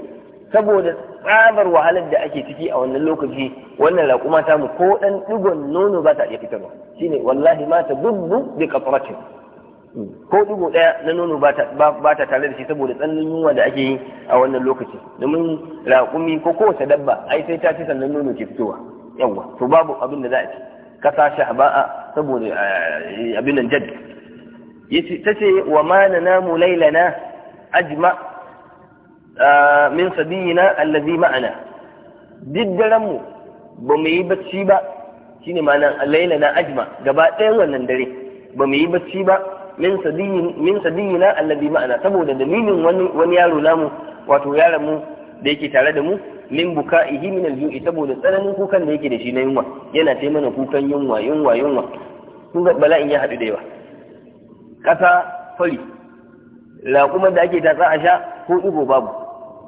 saboda tsabar wahalar da ake ciki a wannan lokaci wannan raƙuma ta mu ko ɗan ɗigon nono ba ta iya fitarwa shi ne wallahi ma tabibu bi kasamatin ko dubu ɗaya na nono ba ta tare da shi saboda tsananin yunwa da ake yi a wannan lokaci domin raƙumi ko kowace dabba ai sai ta ci sannan nono ke fitowa yawa to babu abin da za a ci kasa ba'a saboda eh, abin nan jadd ta ce wa ma na namu lailana ajma ah, min sabiyina allazi ma'ana duk mu ba mu yi bacci ba shine ma'anar lailana ajma gaba ɗayan wannan dare ba mu yi bacci ba min sadiyina alladhi ma'ana saboda dalilin wani wani yaro namu wato yaron mu da yake tare da mu min buka'ihi min al saboda tsananin kukan da yake da shi na yunwa yana ce mana kukan yunwa yunwa yunwa kun ga bala'in ya haɗu da yawa ƙasa fari kuma da ake tatsa a sha ko ɗigo babu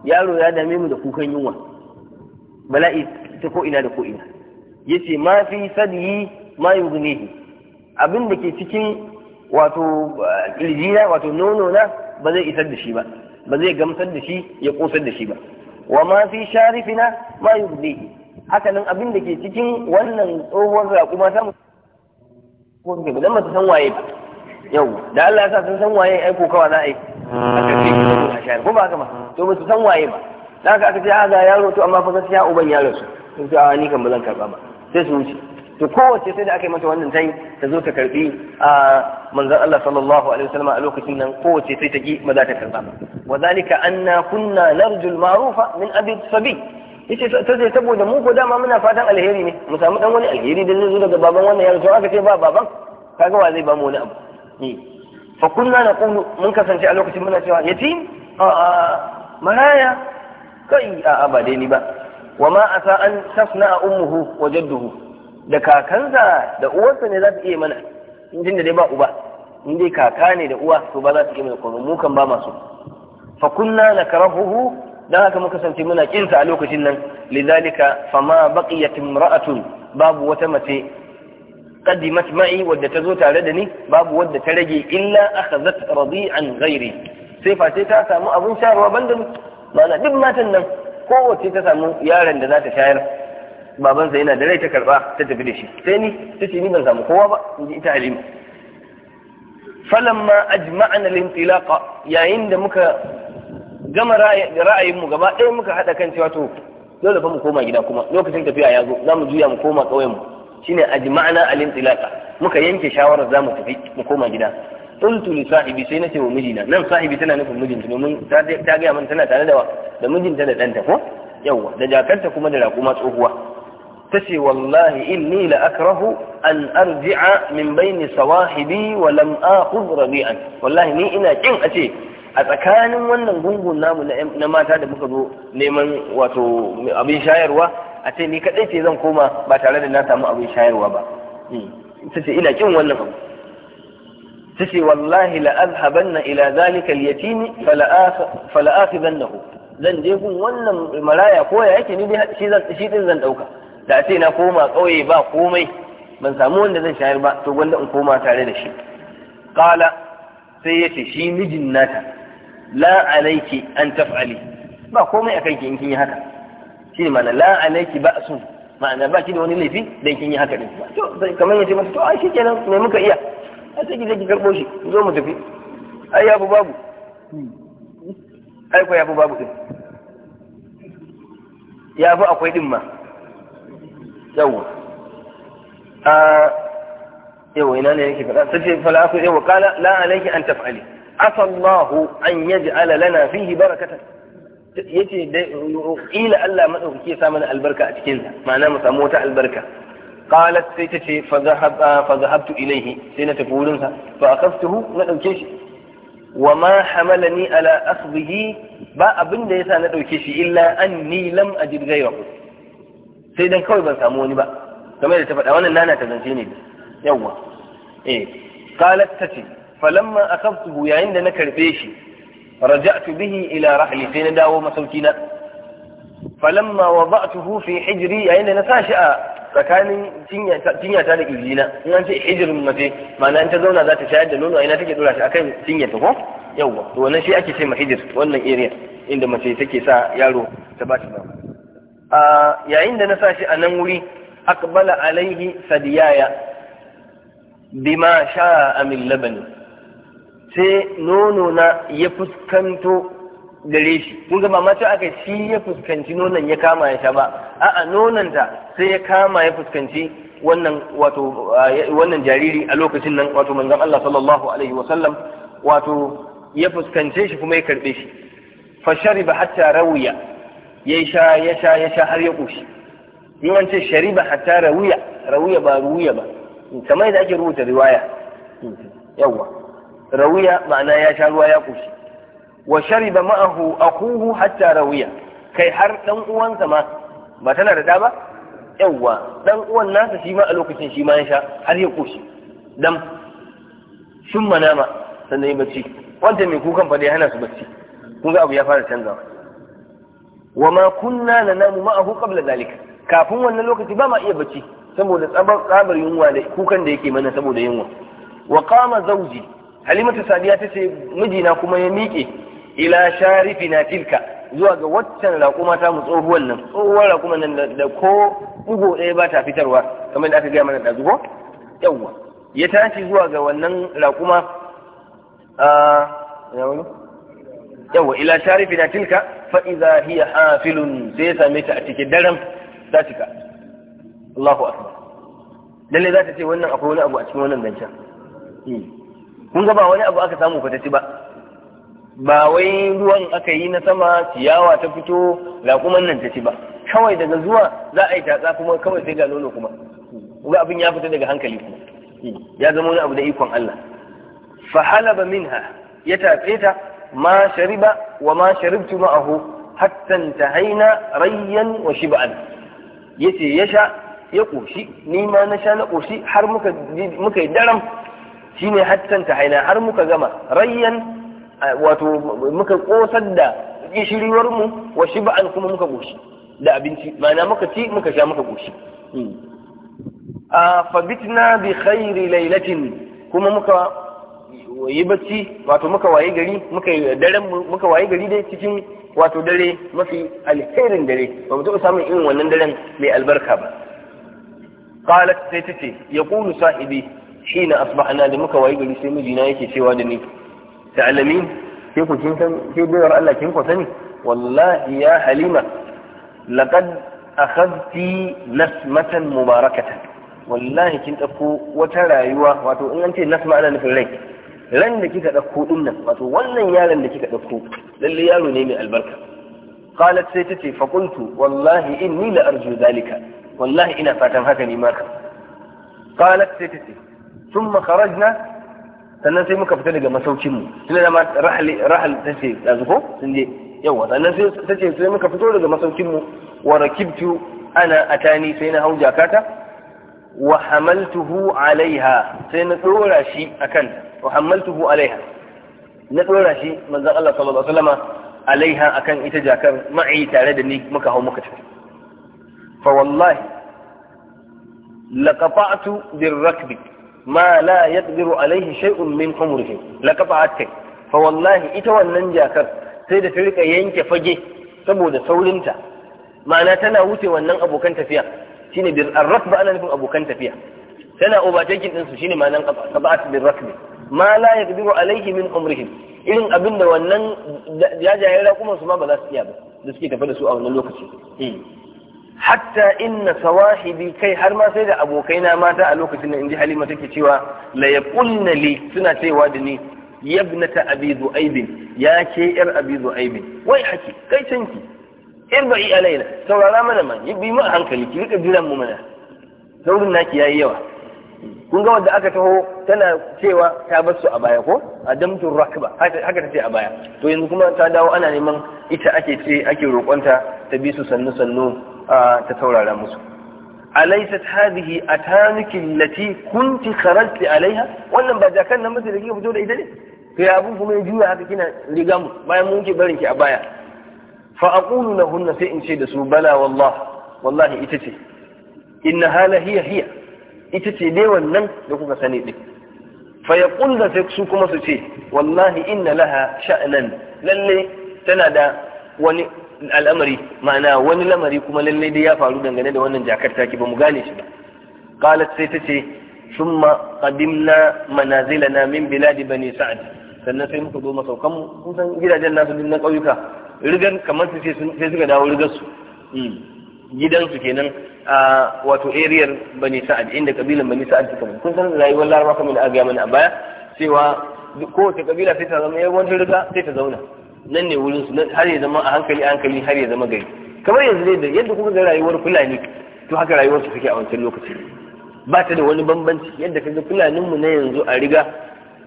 yaro ya dame mu da kukan yunwa bala'i ta ko'ina da ko'ina ya ce ma fi sadiyi ma yughnihi abin da ke cikin wato kirjina wato nono na ba zai isar da shi ba ba zai gamsar da shi ya kosar da shi ba wa ma fi sharifina ma yubdihi haka nan abin da ke cikin wannan tsohuwar ma ta ko take ba dan ba san waye ba yau da Allah ya sa sun san waye ai ko kawa za a yi aka a shayar ko ba haka ma to ba su san waye ba dan aka ce a ah, ga yaro to amma fa gaskiya uban ya rasu sun a ah, ni kan ba zan karba ba sai su wuce to kowace sai da aka yi mata wannan tai ta zo ta karbi a manzon Allah sallallahu alaihi wasallam a lokacin nan kowace sai ta ki ba za ta karba wa zalika anna kunna narju marufa min abi sabi yace ta ce saboda mu ko dama muna fatan alheri ne mu samu dan wani alheri da zai zo daga baban wannan yaro to aka ce ba baban kaga wa zai ba mu wani abu fa kunna naqulu mun kasance a lokacin muna cewa yatim a maraya kai a ba dai ni ba wa ma asa an tasna ummuhu wa jadduhu da kakansa da uwarsa ne za su iya mana in da dai ba uba in dai kaka ne da uwa to ba za su iya mana komai mu kan ba masu fa kunna nakrahuhu dan haka muka kasance muna kinsa a lokacin nan lidhalika fama baqiyat imra'atun babu wata mace qaddimat ma'i wadda ta zo tare da ni babu wadda ta rage illa akhadhat radi'an ghairi sai fa sai ta samu abun shayarwa banda mana duk matan nan kowace ta samu yaron da za ta shayar babansa yana da rai ta karba ta tafi da shi sai ni ta ce ni ban samu kowa ba in ji ita halima falamma ajma'ana lintilaqa yayin da muka gama ra'ayin mu gaba ɗaya muka haɗa kan cewa to dole fa mu koma gida kuma lokacin tafiya ya zo zamu juya mu koma ƙauyen mu shine ajma'ana alintilaqa muka yanke shawarar zamu tafi mu koma gida qultu li sahibi sai nace wa mijina nan sahibi tana nufin mijinta domin ta ga min tana tare da da mijinta da danta ko yawwa. da jakarta kuma da raƙuma tsohuwa tace wallahi inni la akrahu an arji'a min baini sawahibi wa lam akhudh rabi'an wallahi ni ina kin a ce a tsakanin wannan gungun namu na mata da muka zo neman wato abin shayarwa a ce ni kadai ce zan koma ba tare da na samu abin shayarwa ba hmm. tace ina kin wannan abu tace wallahi la azhabanna ila zalika al-yatim fala akhidannahu zan je wannan maraya ko ya yake ni shi zan zan da ce na koma kauye ba komai ban samu wanda zai shayar ba to gwanda in koma tare da shi qala sai ya ce shi mijin nata la alayki an taf'ali ba komai akan ki in kin yi haka shine ma'ana la alayki ba'su ma'ana ba ki da wani laifi dan kin yi haka din to kamar yace masa to ai shikenan me muka iya ai sai ki ki karbo shi zo mu tafi ai yafi babu ai ko yafi babu din yafi akwai din ma yau a ina ne yake faɗa sai fala ku yau kala la alayki an taf'ali asallahu an yaj'ala lana fihi barakatan yace ila Allah madaukaki ya samu albarka a cikin sa ma'ana mu samu wata albarka na سيتتي فذهب فذهبت إليه سينة فولنسا فأخذته نأوكيش وما حملني على أخذه با أبن ليس نأوكيش إلا أني لم أجد غيره sai dan kawai ban samu wani ba kamar da ta faɗa wannan nana ta zance ne yawwa eh qalat tati falamma akhaftuhu yayin da na karbe shi raja'tu bihi ila rahli sai na dawo masauki na falamma wada'tuhu fi hijri yayin da na sashi a tsakanin cinyata da na in an ce hijirin mace ma'ana in ta zauna za ta shayar da nono a ina take dora shi akan cinyata ko yawwa to wannan shi ake ce ma hijir wannan area inda mace take sa yaro ta ba shi nono yayin da na sa shi a nan wuri akbala alaihi sadiyaya bima sha'a min labani sai nono na ya fuskanto gare shi kun ga mamaci aka shi ya fuskanci nonon ya kama ya sha ba a'a nononta sai ya kama ya fuskanci wannan wato wannan jariri a lokacin nan wato manzon Allah sallallahu alaihi wasallam wato ya fuskance shi kuma ya karbe shi ba hatta rawiya ya sha ya sha ya sha har ya ƙoshi ce shariba hatta rawiya rawiya ba ruwiya ba kamar yadda ake rubuta riwaya yawwa rawiya ma'ana ya sha ruwa ya ƙoshi wa shariba ma'ahu akuhu hatta rawiya kai har dan uwansa ma ba tana da ɗa ba yawwa dan uwan nasa shi ma a lokacin shi ma ya sha har ya ƙoshi dam sun manama sannan ya bacci wanda mai kukan fa dai hana su bacci kun ga abu ya fara canzawa wa ma kunna nanamu ma'ahu qabla zalika kafin wannan lokaci ba ma iya bacci saboda tsabar yunwa da kukan da yake mana saboda yunwa wa qama zawji halimatu sadiya tace mijina kuma ya miƙe ila sharifina tilka zuwa ga waccan raƙuma ta mu tsohuwan nan tsohuwar raƙuma nan da ko ugo ɗaya ba ta fitarwa kamar da aka gaya mana ɗazu ko yawwa ya tashi zuwa ga wannan raƙuma ah, a yawa ila sharifi na tilka fa idza hiya hafilun sai ya same ta a cikin daren za ta ka Allahu akbar lalle za ta ce wannan akwai wani abu a cikin wannan zancen hmm. kun ga ba wani abu aka samu ci ba ba wai ruwan aka yi na sama ciyawa ta fito kuma nan ta ci ba kawai daga zuwa za a yi tatsa kuma kawai sai ga nono kuma Kuma abin ya fita daga hankali kuma hmm. ya zama wani abu da ikon Allah fa halaba minha ya tafe ta ma shariba wa ma sharibtu ma'ahu hatta intahaina rayyan wa shib'an yace ya sha ya koshi ni ma na sha na koshi har muka muka yi daram shine hatta intahaina har muka gama rayan wato muka kosar da gishiriwar mu wa shib'an kuma muka koshi da abinci ma'ana muka ci muka sha muka koshi a fabitna bi khairi lailatin kuma muka yi bacci wato muka waye gari muka yi daren muka waye gari dai cikin wato dare mafi alherin dare ba mu taɓa samun irin wannan daren mai albarka ba qalat sai tace yaqulu sahibi hina asbahna da muka waye gari sai mijina yake cewa da ni ta'lamin ke ku kin san ke bayar Allah kin ku sani wallahi ya halima laqad akhadti nasmatan mubarakatan wallahi kin ɗauko wata rayuwa wato in an ce nasma ana nufin rai ran da kika ɗauko ɗin nan wato wannan yaron da kika ɗauko lalle yaro ne mai albarka qalat sai tace fa qultu wallahi inni la arju zalika wallahi ina fatan haka ne maka qalat sai tace thumma kharajna sannan sai muka fita daga masaukin mu tunda da ma rahal rahal tace yanzu ko sun je yawa sannan sai tace sai muka fito daga masaukin mu wa rakibtu ana atani sai na hau jakata wa hamaltuhu alaiha sai na dora shi akan wa hammaltuhu alaiha na dora shi manzon Allah sallallahu alaihi wasallama alaiha akan ita jakar ma'i tare da ni muka hau muka tafi fa wallahi laqata'tu birrakbi ma la yaqdiru alaihi shay'un min umrihi laqata'tu fa wallahi ita wannan jakar sai da ta rika yanke fage saboda saurinta ma'ana tana wuce wannan abokan tafiya shine bir arrakba ana nufin abokan tafiya tana overtaking din su shine ma'anan qata'at birrakbi ma la yaqdiru alaihi min umrihim irin abin da wannan jajayen raƙuman su ma ba za su iya ba da suke tafi da su a wannan lokaci hmm. hatta inna sawahibi kai har ma sai da abokaina mata a lokacin nan inji halima take cewa la yaqulna li suna cewa da ni yabnata abi zu'aib ya ke yar abi zu'aib wai haki kai canki irba'i alaina saurara mana man yi bi mu hankali ki rika jiran mu mana saurin naki yayi yawa kun ga wanda aka taho tana cewa ta bar su a baya ko adamtu rakba haka ta ce a baya to yanzu kuma ta dawo ana neman ita ake ce ake roƙonta ta bi su sannu sannu ta taurara musu alaysat hadhihi atanuki allati kunti kharajti alaiha wannan ba jakan nan mutum da kika fito da ita ne to ya abun kuma ya juya haka kina riga mu bayan mun ke barin ki a baya fa aqulu lahunna sai in ce da su bala wallah wallahi ita ce Inna hala hiya hiya ita ce dai wannan da kuka sani ɗin. fa yaqul da su kuma su ce wallahi inna laha sha'anan. lalle tana da wani al'amari ma'ana wani lamari kuma lalle dai ya faru dangane da wannan jakar taki ba mu gane shi ba qalat sai ta ce thumma qadimna manazilana min biladi bani sa'd sannan sai muka zo masaukan mu kun gidajen nasu din na kauyuka. rigan kamar su ce sai suka dawo rigar su hmm. gidansu kenan a wato ariyar bani sa'ad inda kabilan bani sa'ad suka mai kun san rayuwar larabawa kamar da aka gaya mana a baya cewa kowace kabila sai ta zama wani riga sai ta zauna nan ne wurin su har ya zama a hankali a hankali har ya zama gari kamar yanzu dai da yadda kuka ga rayuwar fulani to haka rayuwar su take a wancan lokaci ba ta da wani bambanci yadda kaga fulanin mu na yanzu a riga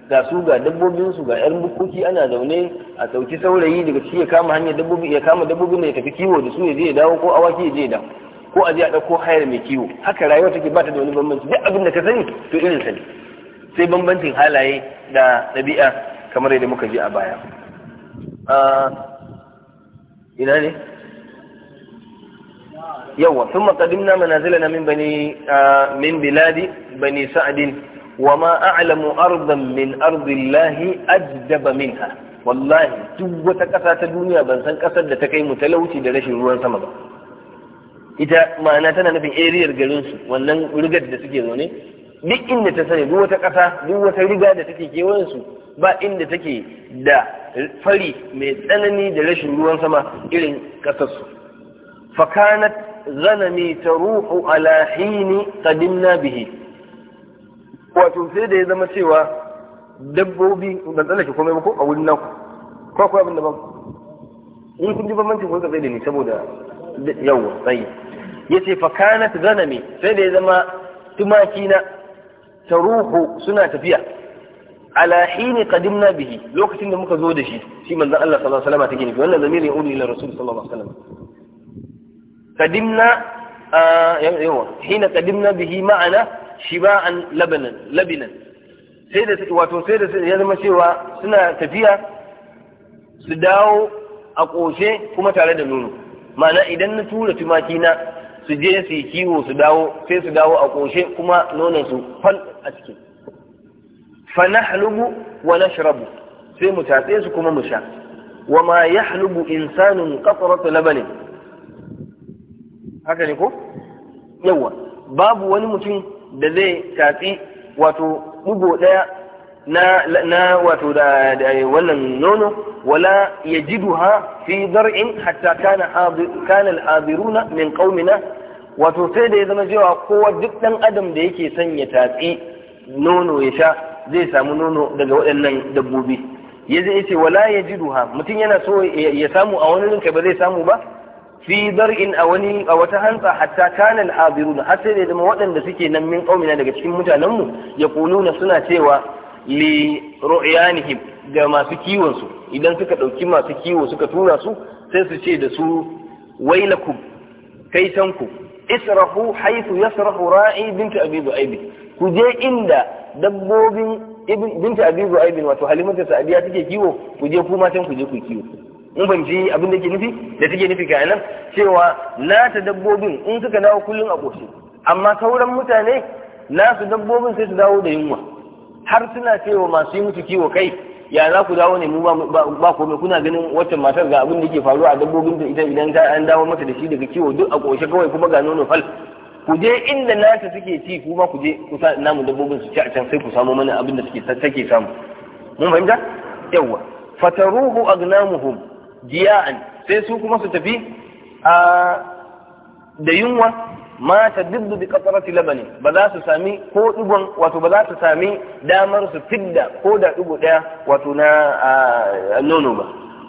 ga su ga dabbobin su ga yan bukuki ana zaune a sauki saurayi daga ciki ya kama hanyar dabbobi ya kama dabbobin da ya tafi kiwo da su ya je ya dawo ko awaki ya je ya dawo ko a je a dauko hayar mai kiwo haka rayuwa take ba ta da wani bambanci duk abin da ka sani to irin sani sai bambancin halaye da ɗabi'a kamar yadda muka ji a baya ina ne yawa sun maƙadimna manazila na min bani min biladi bani sa'adin وما أعلم أرضا من أرض الله أجدب منها والله duk wata ƙasa ta duniya ban san ƙasar da ta kai mu talauci da rashin ruwan sama ba ita ma'ana tana nufin ariyar garin su wannan rigar da suke zaune duk inda ta sani duk wata ƙasa duk wata riga da take kewayen su ba inda take da fari mai tsanani da rashin ruwan sama irin ƙasar su fakanat zanami taruhu ala hini qadimna bihi wato sai da ya zama cewa dabbobi ban tsallake komai ba ko a wurin naku ko akwai abin da ba in kun ji bambancin kun tsaye da ni saboda yawa tsayi yace fa kanat ganami sai da ya zama tumaki na taruhu suna tafiya ala hini qadimna bihi lokacin da muka zo da shi shi manzon Allah sallallahu alaihi wasallam take nufi wannan zamirin yaudu ila rasul sallallahu alaihi wasallam qadimna yawa hina qadimna bihi ma'ana shiba'an labanan labinan sai da wato sai da ya zama cewa suna tafiya su dawo a ƙoshe kuma tare da nono ma'ana idan na tura tumaki na su je su yi kiwo su dawo sai su dawo a ƙoshe kuma nonon su fal a ciki fa nahlubu wa nashrabu sai mu tatse su kuma mu sha wa ma yahlubu insanun qatratu labanin haka ne ko yawa babu wani mutum da zai shafi wato ɗigo ɗaya na na wato da wannan nono wala yajiduha fi dar'in hatta kana kana al-abiruna min qaumina wato sai da ya zama cewa kowa duk dan adam da yake son ya tatsi nono ya sha zai samu nono daga waɗannan dabbobi ya zai ce wala yajiduha mutum yana so ya samu a wani rinka ba zai samu ba fi zar'in a wani a wata hantsa hatta kana al hadirun har sai da waɗanda suke nan min qaumina daga cikin mutanenmu ya kuluna suna cewa li ru'yanihim ga masu kiwon su idan suka ɗauki masu kiwo suka tura su sai su ce da su wailakum kaitanku israhu haythu yasrahu ra'i binti abi du'aib ku je inda dabbobin binti abi du'aib wato halimatu sa'diya take kiwo ku je kuma ku je ku kiwo in ban ji abin da ke nufi da take nufi ga nan cewa nata dabbobin in suka dawo kullum a ƙoshi amma sauran mutane nasu dabbobin sai su dawo da yunwa har suna cewa masu yi musu kiwo kai ya za ku dawo ne mu ba komai kuna ganin wacce matar ga abin da ke faruwa a dabbobin ta ita idan ta an dawo mata da shi daga kiwo duk a ƙoshe kawai kuma ga nono fal ku je inda nata suke ci kuma ku je ku sa namu dabbobin su ci a can sai ku samu mana abin da suke take samu mun fahimta yawwa fataruhu agnamuhum jiya'an sai su kuma su tafi a da yunwa ma ta diddu bi qatrati labani ba za su sami ko digon wato ba za su sami damar su fidda ko da digo daya wato na nono ba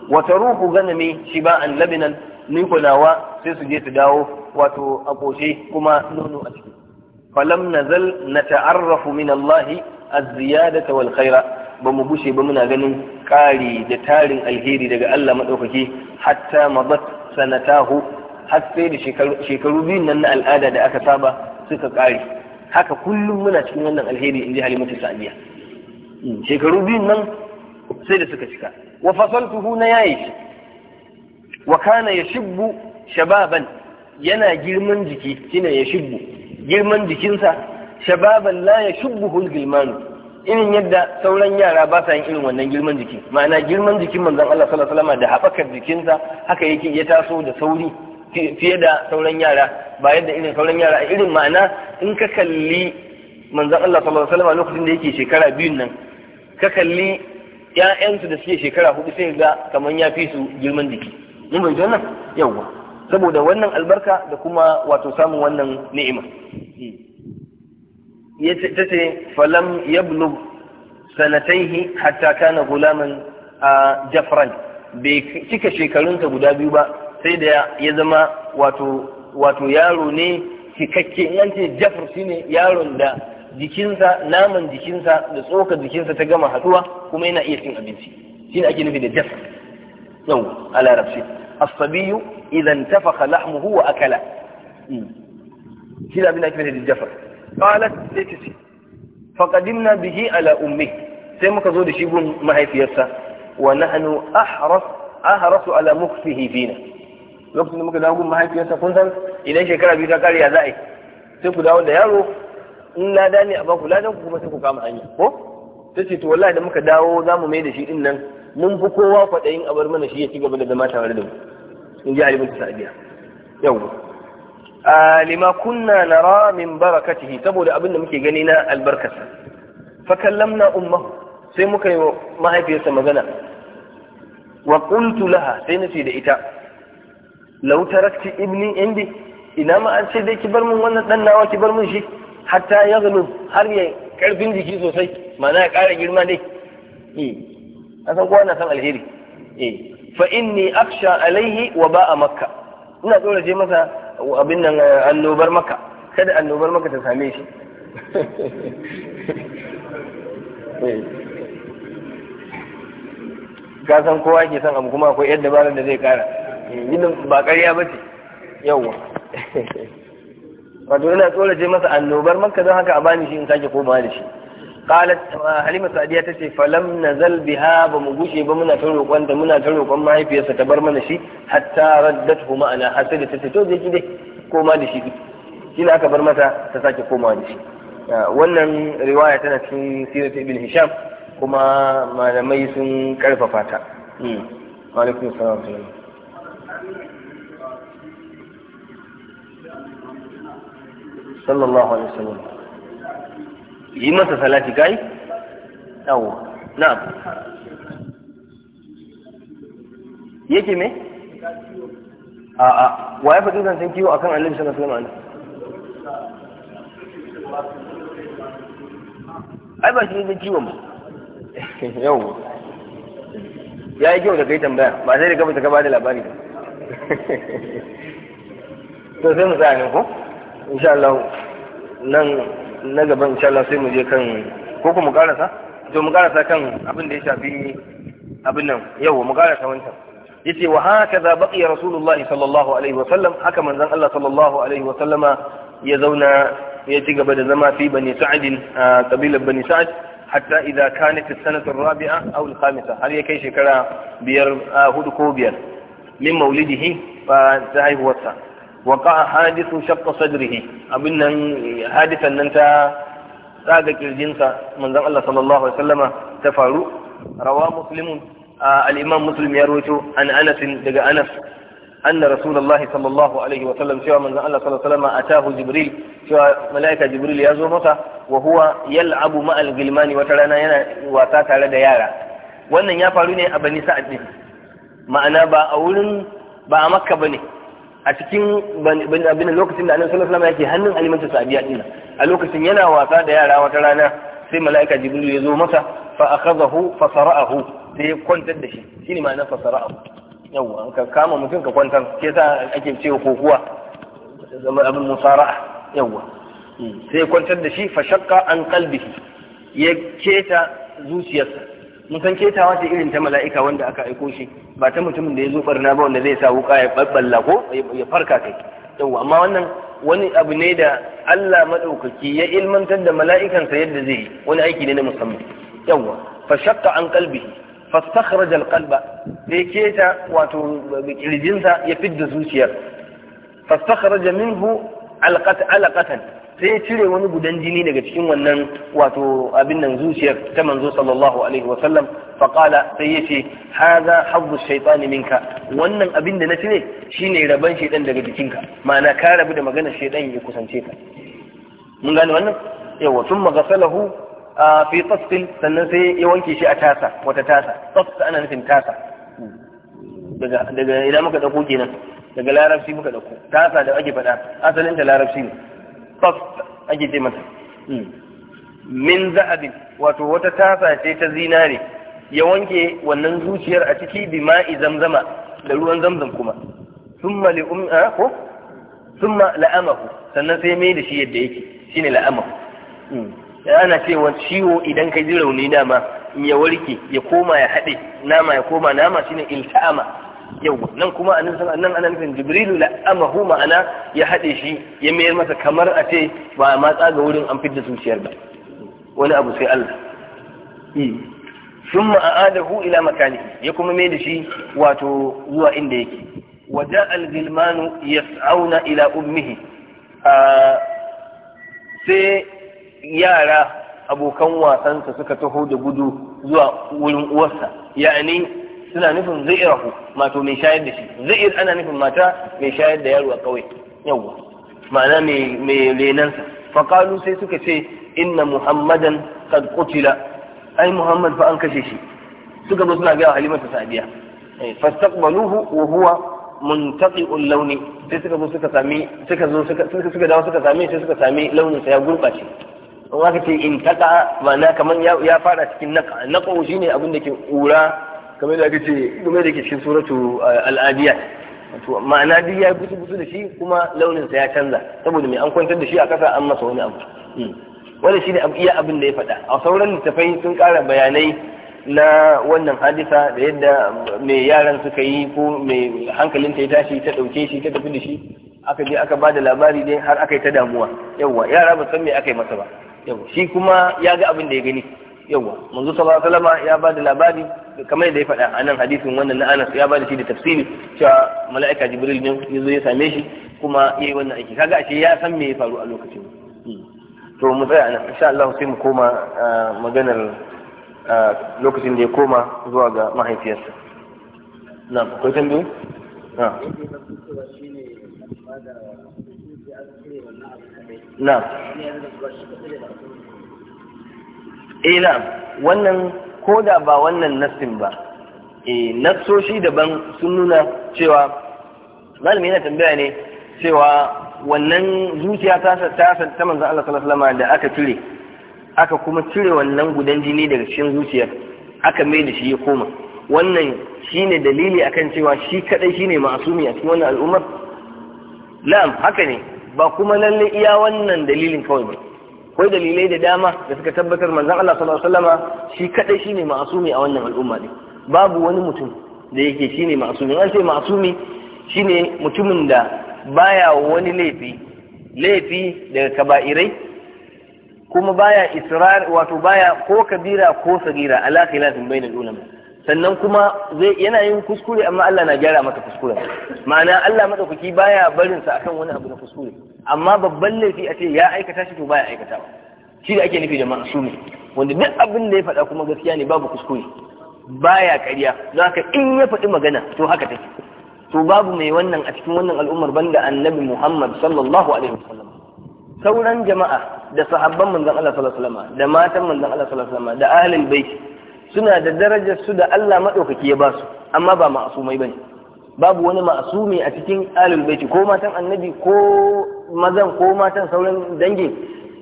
wata ruhu ganami shiba'an labinan ni kulawa sai su je su dawo wato a koshe kuma nono a ciki falam nazal nata'arrafu min Allah az-ziyadata wal khaira ba mu bushe ba muna ganin ƙari da tarin alheri daga Allah maɗaukaki hatta mabat sanatahu har sai da shekaru biyun nan na al'ada da aka saba suka ƙare haka kullum muna cikin wannan alheri in ji halimatu sa'aliya mm, shekaru biyun nan sai da suka cika wa fasaltuhu na yayi shi wa kana shababan yana girman jiki shine yashibbu girman jikinsa shababan la ya al-gilmanu irin yadda sauran yara ba sa yin irin wannan girman jiki ma'ana girman jikin manzon Allah sallallahu alaihi wasallam da haɓakar jikinsa haka yake ya taso da sauri fiye da sauran yara ba yadda irin sauran yara irin ma'ana in ka kalli manzon Allah sallallahu alaihi wasallam lokacin da yake shekara biyun nan ka kalli ƴaƴansu da suke shekara hudu sai ga kamar ya fi su girman jiki mun bai wannan yawa saboda wannan albarka da kuma wato samun wannan ni'ima hmm. ta ce falam yablu sanataihi hatta kana gulamin a jafran bai cika shekarunsa guda biyu ba sai da ya zama wato yaro ne cikakke in ce jafar shine yaron da jikinsa naman jikinsa da tsokar jikinsa ta gama hatuwa kuma yana iya cin abinci shine ake nufi da jafar yau a larabci as-sabiyu idan tafakha lahmuhu wa akala hmm. shi da abin da ake nufi da jafar qalat litisi ta ce faqadimna bihi ala ummi sai muka zo da shi gun mahaifiyarsa wa nahnu ahras ahras ala mukfihi fina lokacin da muka dawo gun mahaifiyarsa kun san idan shekara biyu ta kare ya za a yi sai ku dawo da yaro in lada ne a baku ladan ku kuma sai ku kama hanya ko ta ce to wallahi da muka dawo za mu mai da shi din nan mun fi kowa kwaɗayin abar mana shi ya ci gaba da zama tare da mu in ji Ali ta sa'adiya yawwa Alima kunna nara min barakatihi saboda abin da muke gani na albarkarsa fa kallamna ummah sai muka yi mahaifiyarsa magana wa qultu laha sai nace da ita law tarakti ibni indi ina ma an ce dai ki bar mun wannan dan nawa ki bar mun shi hatta ya har ya karfin jiki sosai ma'ana ya kara girma dai eh asan kowa na san alheri eh fa inni aksha alaihi wa ba'a makka ina je masa abin nan eh, annobar maka kada annobar maka ta same shi eh. ka san kowa ke son abu kuma akwai yadda dabarar da zai kara eh, yin ba ƙarya ba ce yawwa wato ina tsorace masa annobar maka don haka a bani shi in sake koma da shi qalat halima sadiya tace falam nazal biha ba mu bushe ba muna ta roƙon muna ta roƙon mahaifiyarsa ta bar mana shi hatta raddathu ma'ana har sai da tace to je koma da shi shine aka bar mata ta sake komawa da wannan riwaya tana cikin sirat ibn hisham kuma malamai sun karfafa ta yi masa salati kai yawo na'am yake me a a wa ya faɗi zancen kiwo akan annabi sallallahu alaihi wasallam ai ba shi ne kiwon ba yawo ya yi kyau da kai tambaya ba sai da gaba ta gaba da labari ba to sai mu sa ko insha Allah nan na gaban insha Allah sai mu je kan ko ku mu karasa to mu karasa kan abin da ya shafi abin nan yau mu karasa wancan yace wa hakaza baqiya rasulullahi sallallahu alaihi wa sallam haka manzon Allah sallallahu alaihi wa sallama ya zauna ya ci gaba da zama fi bani sa'd kabilar bani sa'd hatta idza kanat as-sanatu ar-rabi'a aw al-khamisa har ya kai shekara biyar hudu ko biyar min maulidihi fa ta haihuwarsa waka hadisu shakka sadrihi abin nan hadisan nan ta tsaga kirjinsa manzon Allah sallallahu alaihi wasallama ta faru rawa muslimun al-imam muslim ya rawaito an anas daga anas anna rasulullahi sallallahu alaihi wasallam cewa manzon Allah sallallahu alaihi wasallama atahu jibril cewa malaika jibril ya zo masa wa huwa yal'abu ma'al gilmani wata rana yana wasa tare da yara wannan ya faru ne a bani sa'ad din ma'ana ba a wurin ba a makka bane a cikin abin lokacin da annabi sallallahu alaihi yake hannun alimantar sabiya din a lokacin yana wasa da yara wata rana sai mala'ika jibril ya zo masa fa akhadahu fa sara'ahu sai kwantar da shi shine ma'ana fa sara'ahu yawa ka kama mutum ka kwantar ke sa ake cewa kokuwa zama abin musara'a yawa hmm. sai kwantar da shi fa shaqqa an qalbihi ya keta zuciyarsa mun san ketawa ce irin ta mala'ika wanda aka aiko shi ba ta mutumin da ya zo barna ba wanda zai sa wuka ya babballa ko ya farka kai yawwa amma wannan wani abu ne da Allah madaukaki ya ilmantar da mala'ikansa yadda zai yi wani aiki ne na musamman yawwa fa shaqqa an qalbihi fastakhraja alqalba sai keta wato kirjinsa ya fidda zuciyar fastakhraja minhu alqat alqatan sai ya cire wani gudan jini daga cikin wannan wato abin nan zuciyar ta manzo sallallahu alaihi wasallam faqala sai yace haza hazzu shaytani minka wannan abin da na cire shine raban shaytan daga jikinka ma'ana ka rabu da maganar shaytan ya kusance ka mun gane wannan yawa thumma ghasalahu fi tasqil sannan sai ya wanke shi a tasa wata tasa tasqa ana nufin tasa daga daga idan muka dauko kenan daga larabci muka dauko tasa da ake faɗa asalin ta larabci ne tas ake ce mata hmm. min za'abin wato wata tasa ce ta zinare ya wanke wannan zuciyar a ciki bi ma'i zamzama da ruwan zamzam kuma summa li um, a ah, ko summa la'amahu sannan sai mai da shi yadda yake shine la'amahu hmm. ana cewa ciwo idan ka ji rauni dama ya warke ya koma ya haɗe nama ya koma nama shine ilta'ama yau nan kuma a nan ana nufin jibrilu la'amahu ma'ana ya haɗe shi ya mayar masa kamar a ce ba a matsa ga wurin an fidda zuciyar ba wani abu sai Allah sun ma'adahu ila makani ya kuma mai da shi wato zuwa inda yake waja algilmanu tsauna ila ummihi sai yara abokan wasansa suka taho da gudu zuwa wurin uwarsa ya'ani suna nufin zai'irahu mato mai shayar da shi zai'ir ana nufin mata mai shayar da yaro a kauye yawwa ma'ana mai lenansa faƙalu sai suka ce inna muhammadan qad qutila ai muhammad fa an kashe shi suka zo suna gaya halimatu sa'diya eh, fastaqbaluhu wa huwa muntaqi'ul launi sai suka zo suka sami suka zo suka dawo suka sami sai suka sami launin sa ya gurbace in aka ce in taka ma'ana kamar ya fara cikin naka shi shine abin da ke ƙura kamar da aka ce kamar da ke cikin suratu eh, al'adiyya wato ma'ana duk ya butu butu da shi kuma launin sa ya canza saboda mai an kwantar da shi a kasa an masa wani abu hmm. wanda shi ne iya abin da ya faɗa a sauran littafai sun ƙara bayanai na wannan hadisa da yadda mai yaran suka yi ko mai hankalin ta ya tashi ta ɗauke shi ta tafi da shi aka je aka ba da labari dai har aka yi ta damuwa yawwa yara ba san me aka yi masa ba yawwa shi kuma ya ga abin da ya gani yawa manzo sallallahu alaihi wasallam ya bada da labari kamar yadda ya faɗa a nan hadisin wannan na Anas ya ba da shi da tafsiri cewa mala'ika Jibril ne yazo ya same shi kuma yayi wannan aiki kaga ashe ya san me ya faru a lokacin hmm. to mu tsaya nan insha Allah sai mu koma ah, maganar ah, lokacin da ya koma zuwa ga mahaifiyarsa na na na ila eh, wannan ko da ba wannan nassin ba e nassoshi daban sun nuna cewa malami yana tambaya ne cewa wannan zuciya ta ta ta manzon Allah sallallahu alaihi wasallam da aka cire aka kuma cire wannan gudan jini daga cikin zuciyar aka mai da shi ya koma wannan shine dalili akan cewa shi kadai shine ma'asumi a cikin wannan al'ummar na'am haka ne ba kuma lalle iya wannan dalilin kawai ba akwai dalilai da dama da suka tabbatar manzon Allah sallallahu alaihi wasallama shi kadai shine ma'asumi a wannan al'umma ne babu wani mutum da yake shine ma'asumi an ce ma'asumi shine mutumin da baya wani laifi laifi daga kaba'irai kuma baya israr wato baya ko kabira ko sagira ala khilafin bainal ulama sannan kuma zai yana yin kuskure amma Allah na gyara masa kuskure ma'ana Allah madaukaki baya barin sa akan wani abu na kuskure amma babban laifi a ce ya aikata shi to baya aikatawa shi da ake nufi da ma'asumi wanda duk abin da ya faɗa kuma gaskiya ne babu kuskure baya ƙarya don haka in ya faɗi magana to haka take to babu mai wannan a cikin wannan al'ummar banda annabi Muhammad sallallahu alaihi wasallam sauran jama'a da sahabban manzon Allah sallallahu alaihi wasallam da matan manzon Allah sallallahu alaihi wasallam da ahlul bait suna da darajar su da Allah maɗaukaki ya ba su amma ba ma'asumai bane babu wani ma'asumi a cikin alul baiti ko matan annabi ko mazan ko matan sauran dangin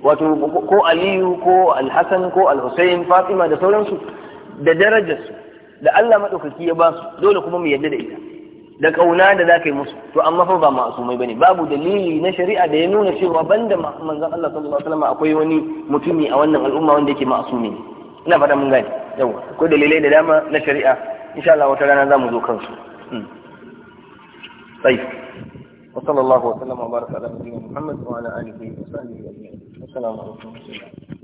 wato ko aliyu ko alhassan ko alhussein fatima da sauransu da darajarsu da Allah maɗaukaki ya ba su dole kuma mu yadda da ita da ƙauna da za ka yi musu to amma fa ba ma'asumai bane babu dalili na shari'a da ya nuna cewa banda manzon Allah sallallahu alaihi wasallam akwai wani mutumi a wannan al'umma wanda yake ma'asumi ne ina fata mun gani, yawa akwai dalilai da dama na shari'a insha Allah wata rana za mu zo kansu hmm. sai wa sallallahu wa sallama wa baraka ala nabiyyina Muhammad wa ala alihi wa sahbihi ajma'in assalamu alaikum